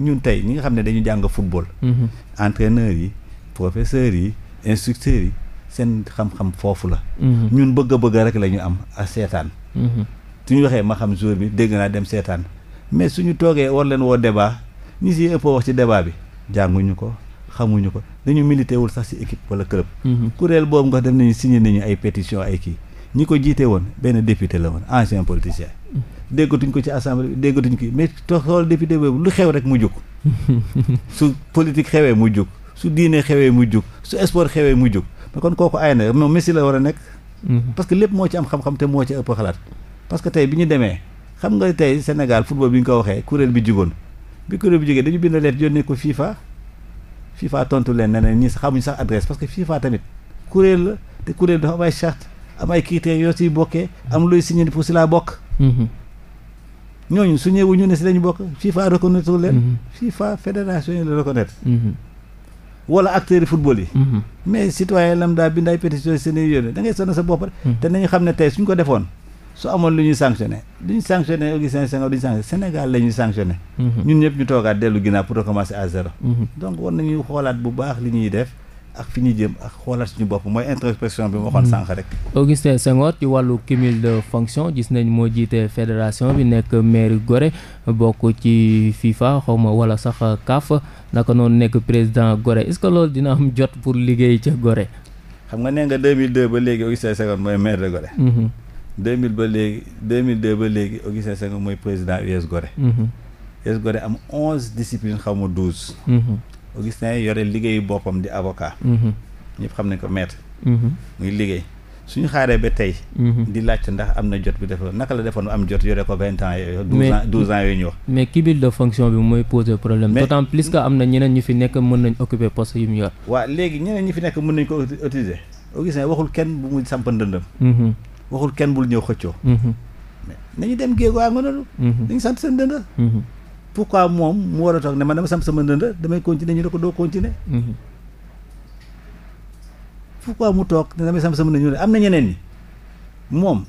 ñun tey ñi nga xam ne dañu jàng football. Mhm. entraîneurs yi professeurs yi instructeurs yi seen xam-xam foofu la. Mhm. ñun bëgg bëgg rek la ñu am a seetaan. Mhm. suñu waxee ma xam jour bi dégg naa dem seetaan mais suñu toogee war leen woo débat ñi si ëpp wax ci débat bi jànguñu ko xamuñu ko dañu milité wul sax si équipe wala club. kuréel boobu nga def nañu signé nañu ay pétition ay kii. ñi ko jiite woon benn député la woon ancien politicien déggatuñ ko ci assemblée bi déggatuñ ko mais xool député boobu lu xew rek mu jóg (laughs) su politique xewee mu jóg su diine xewee mu jug su sport xewee mu jug mais kon kooku ay na moom Messi la war a nekk mm-hmm. parce que lépp moo ci am xam-xam te moo ci ëpp xalaat parce que tey bi ñu demee xam nga tey Sénégal football bi ñu ko waxee kuréel bi jugoon bi kuréel bi jógee dañu bind lettre yónnee ko FIFA FIFA tontu leen ne ne ñi xamuñ sax adresse parce que FIFA tamit kuréel la te kuréel dafa am ay am ay critères yoo siy bokkee am looy signé pour si laa bokk mhm. ñooñu su ñëwu ñu ne si lañu bokk FIFA reconnaître leen mhm. FIFA fédération yi la reconnaître mhm. wala acteurs yi football yi mais citoyen lambda bind ay pétition seen yónnee da ngay sonn sa bopp te nañu xam ne tey suñ ko defoon su amoon lu ñuy sanctionné lu ñu sanctionné Augustin Senghor du ñu sanctionné Sénégal la ñuy ñun ñëpp ñu toogaat dellu ginnaaw pour recommencer à zéro donc war nañuy xoolaat bu baax li ñuy def ak fi ñu jëm ak xoolaat suñu bopp mooy introspection bi ma waxoon sànq rek. Augustin Senghor ci wàllu cumul de fonction gis nañ moo jiite fédération bi nekk maire Gorée bokk ci FIFA xawma wala sax CAF naka noonu nekk président Gorée est-ce que loolu dina am jot pour liggéey ca Gorée. xam nga nee nga 2002 ba léegi Augustin Senghor mooy maire de Gorée. 2000 mm-hmm. ba léegi 2002 ba léegi Augustin Senghor mooy président US Gorée. Mm-hmm. US Gorée am 11 disciplines xaw ma Augustin yore liggéeyu boppam di avocat. Mm-hmm. ñëpp xam nañ ko maître. Mm-hmm. muy liggéey suñu xaaree ba tey. Mm-hmm. di laajte ndax am na jot bi def naka la defoon am jot yore ko vingt ans yooyu. douze ans douze ans mais cumul de fonction bi mooy poser problème. mais plus que am na ñeneen ñu fi nekk mën nañ occuper poste yu mu yor. waa léegi ñeneen ñi fi nekk mën nañ ko utiliser Augustin waxul kenn bu mu samp ndëndam. waxul kenn bul ñëw xëccoo. nañu dem géej waa nga noonu. pourquoi moom mu war a toog ne man dama samp sama ndënd damay continuer ko doo continuer mhm. pourquoi mu toog ne damay samp sama ndënd am na ñeneen ñi moom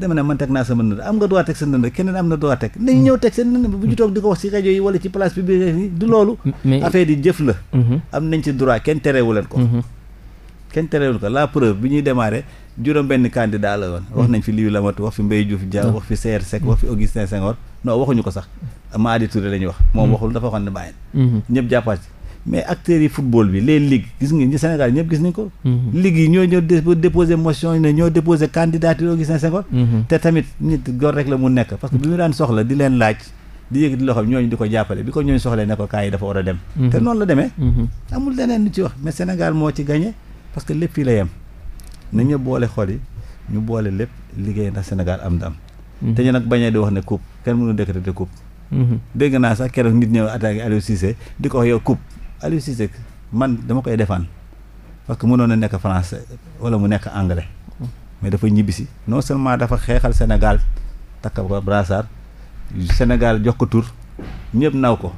dama ne man teg naa sama ndënd am nga droit teg sa ndënd keneen am na droit teg mhm. nañu ñëw teg seen ndënd bu ñu toog di ko wax ci rajo yi wala ci place publique yi du loolu affaire yi jëf la mhm. am nañ ci droit kenn terewu leen ko kenn terewul ko la preuve bi ñuy démarrer juróom benn candidat la woon wax nañ fi Liyu la wax fi Mbaye Diouf Dia wax fi Seer Seck wax fi Augustin Senghor ko sax Madi Touré la ñuy wax. moom mm-hmm. waxul dafa waxoon ne bàyyi na. Mm-hmm. ñëpp jàppaat mais acteurs yi football bi les ligues gis nga ñi Sénégal ñëpp gis nañ ko. Mm-hmm. liggéey ñoo ñëw dé déposé motion yi ne ñoo déposé candidature gis nañ seen ko. te tamit nit góor rek la mu nekk parce que bi mu daan soxla di leen laaj. di yëg di di ko jàppale bi ko ñooñu soxlee ne ko kaay yi dafa war a dem. te noonu la demee. amul leneen lu ci wax mais Sénégal moo ci gagné parce que lépp fii la yem. na ñu boole xol yi ñu boole lépp liggéey ndax Sénégal am ndam. te ñu nag bañee di wax ne coupe kenn mënu décréter coupe. Mhm. dégg naa sax keroog nit ñëw attaqué Aliou di ko wax yow coupe Aliou man dama koy defaan parce que mënoon na nekk français wala mu nekk anglais mais dafa ñibbisi non seulement dafa xeexal Sénégal takka ko brassard Sénégal jox ko tur ñëpp naw ko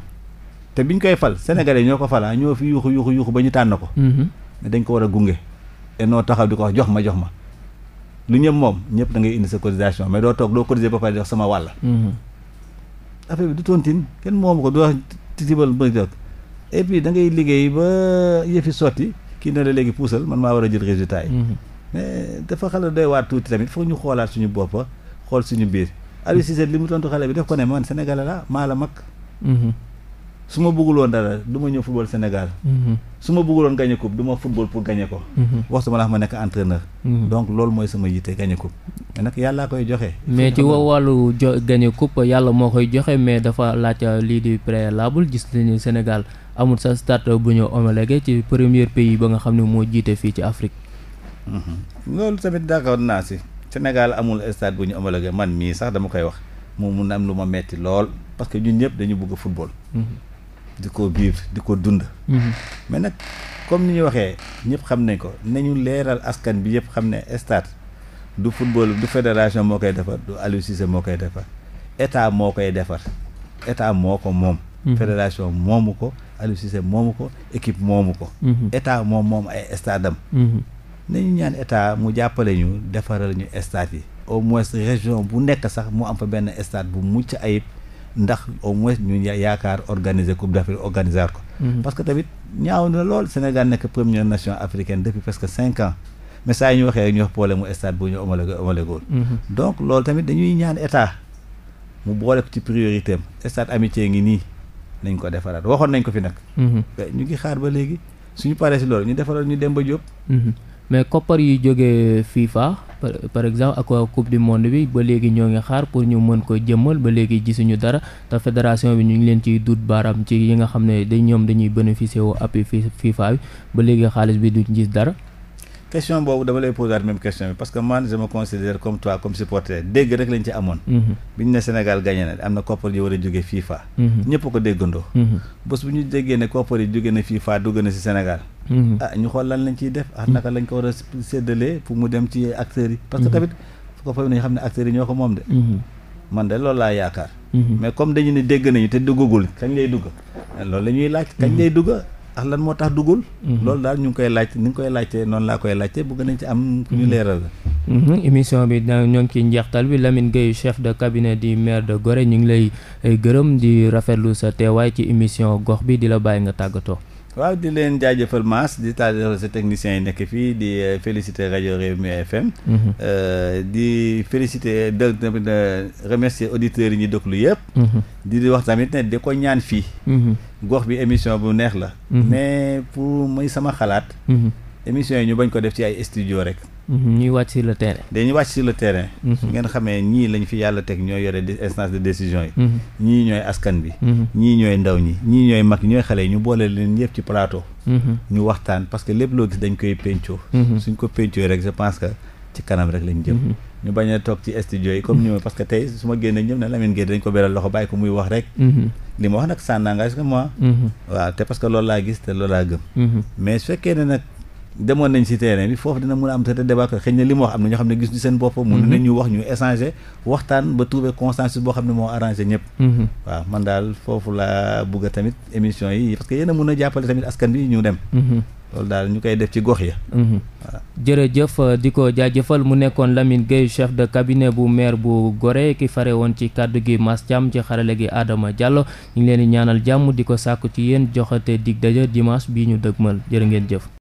te biñ koy fal sénégalais ñoo ko falaa ah, ñoo fi yuuxu yuuxu yuuxu ba ñu tànn ko mhm. dañ ko war a gunge te noo taxaw di ko wax jox ma jox ma lu ñëpp moom ñëpp da ngay indi sa cotisation mais doo toog doo cotiser ba affaire bi du tontine kenn moomu ko du wax tibal bëri et puis da ngay liggéey ba yëfi sotti kii na la léegi puusal man maa war a jël résultat yi. Mhm. mais dafa xala doy waat tuuti tamit foog ñu xoolaat suñu boppa xool suñu biir. Aliou Cissé li mu tontu xale bi def ko ne man Sénégalais la maa la mag. Mhm. su ma bëggul dara du ma ñëw football Sénégal. Mhm. su ma bëggul woon gagné coupe ma football pour gagné ko. Mhm. wax sama la ma nekk entraîneur. Mhm. donc loolu mooy sama yitte gagné coupe. mais nag yàllaa koy joxe. mais ci wàllu jo gagné coupe yàlla moo koy joxe mais dafa laaj euh, lii di préalable gis nañu Sénégal amul sa stade bu ñu homologué ci premier pays ba nga xam ne moo jiite fii ci Afrique. loolu tamit d'accord naa si Sénégal amul stade bu ñu homologué man mii sax dama koy wax mu mun lu ma metti lool parce que ñun ñëpp dañu bëgg football. di ko biir di ko dund. Mhm. mais nag comme ni ñu waxee ñëpp xam nañ ko nañu leeral askan bi yëpp xam ne stade du football du fédération moo koy defar du Aliou moo koy defar état moo koy defar état moo ko moom. Mhm. fédération moomu ko Aliou moomu ko équipe moomu ko. Mhm. état moom moom ay stade am. nañu ñaan état mu jàppale ñu defaral ñu stade yi. au moins région bu nekk sax mu am fa benn stade bu mucc ayib. ndax au moins ñu yaakaar organiser coupe d'Afrique organiser ko. Mhm. parce que tamit ñaaw na lool Sénégal nekk première nation africaine depuis presque cinq ans mais saa yi ñu waxee ñu wax problème mu stade bu ñu homologué homologué mhm. donc loolu tamit dañuy ñaan état mu boole ci priorité stade amitié ngi nii nañ ko defaraat waxoon nañ ko fi nag. Mhm. ñu ngi xaar ba léegi suñu paree si loolu ñu defaral ñu dem ba jóob mais koppar yu jógee FIFA par exemple ak coupe du monde bi ba léegi ñoo ngi xaar pour ñu mën ko jëmmal ba léegi gisuñu dara te fédération bi ñu ngi leen ciy duut baaraam ci yi nga xam ne dañ ñoom dañuy bénéficier wu appui FIFA bi ba léegi xaalis bi duñ gis dara. question boobu dama lay poser même question bi parce que man je me considère comme toi comme supporter dégg rek lañ ci amoon. Mhm. bi ñu ne Sénégal gagné na am na koppar yu war a jóge FIFA. Mhm. ñëpp ko déggandoo. Mhm. bés bu ñu déggee Mhm. ah ñu xool lan lañ ciy def ah naka lañ ko war a séddalee pour mu dem ci acteurs yi parce que mhm. tamit fu ko fay nañu xam ne acteurs yi ñoo ko moom de mhm. man de loolu laa yaakaar mais comme dañu ne dégg nañu te duggagul kañ lay dugg loolu la ñuy laaj kañ lay dugg ak ah, lan moo tax duggul loolu daal ñu ngi koy laaj ni nga koy laajtee noonu laa koy laajtee bëgg nañ ci am ku ñu leeral la émission bi da ñoo ngi ci njeextal bi Lamine Gueye chef de cabinet du maire de Gorée ñu ngi lay eh, gërëm di rafetlu sa teewaay ci émission gox bi di la bàyyi nga tàggatoo waaw di leen jaajëfal maas di taajëfal sa techniciens yi nekk fii di euh, féliciter rajo Rewmi FM mhm. euh, di féliciter dëgg tamit euh, remercier auditeurs yi ñu déglu yëpp mhm. di di wax tamit ne di ko ñaan fii mhm. gox bi émission bu neex la mais pour mooy sama xalaat émission yi ñu bañ ko def ci ay studio rek Mhm, ñuy wàcc sur le terrain. dañuy wàcc sur le terrain. Mhm. su ngeen xamee ñii lañ fi yàlla teg ñooy yore instance de décision yi. Mhm. ñii ñooy askan bi. ñii ñooy ndaw ñi ñii ñooy mag ñooy xale yi ñu boole leen ñëpp ci plateau. ñu waxtaan parce que loo gis dañ koy pencoo. suñ ko pencoo rek je pense ci kanam rek lañ jëm. ñu bañ a toog ci studio yi comme ñoom parce tey su ma génnee ñëpp na Lamine Gueye dañ ko beral loxo bàyyi ko muy wax rek. li ma wax nag sans engagement. waaw te parce que loolu laa laa demoon nañ ci terrain bi foofu dina mun a am te débat ko xëy na li mu wax am na ñoo xam ne gis ñu seen bopp mun mhm. nañ ñu wax ñu échanger waxtaan ba trouver consensus boo xam ne moo arrangé ñëpp mhm. waaw man daal foofu laa bëgg tamit émission yi parce que yéen a mun a jàppale tamit askan bi ñu dem mhm. loolu daal ñu koy def ci gox ya voilà jërëjëf euh, di ko jaajëfal mu nekkoon Lamine Gueye chef de cabinet bu maire bu Gorée ki fare woon ci kàddu gi Mass Thiam ci xarale gi Adama Diallo ñu leen di ñaanal jàmm di ko sàkku ci yéen joxate dig daja dimanche bii ñu dëgmal jërë ngeen jëf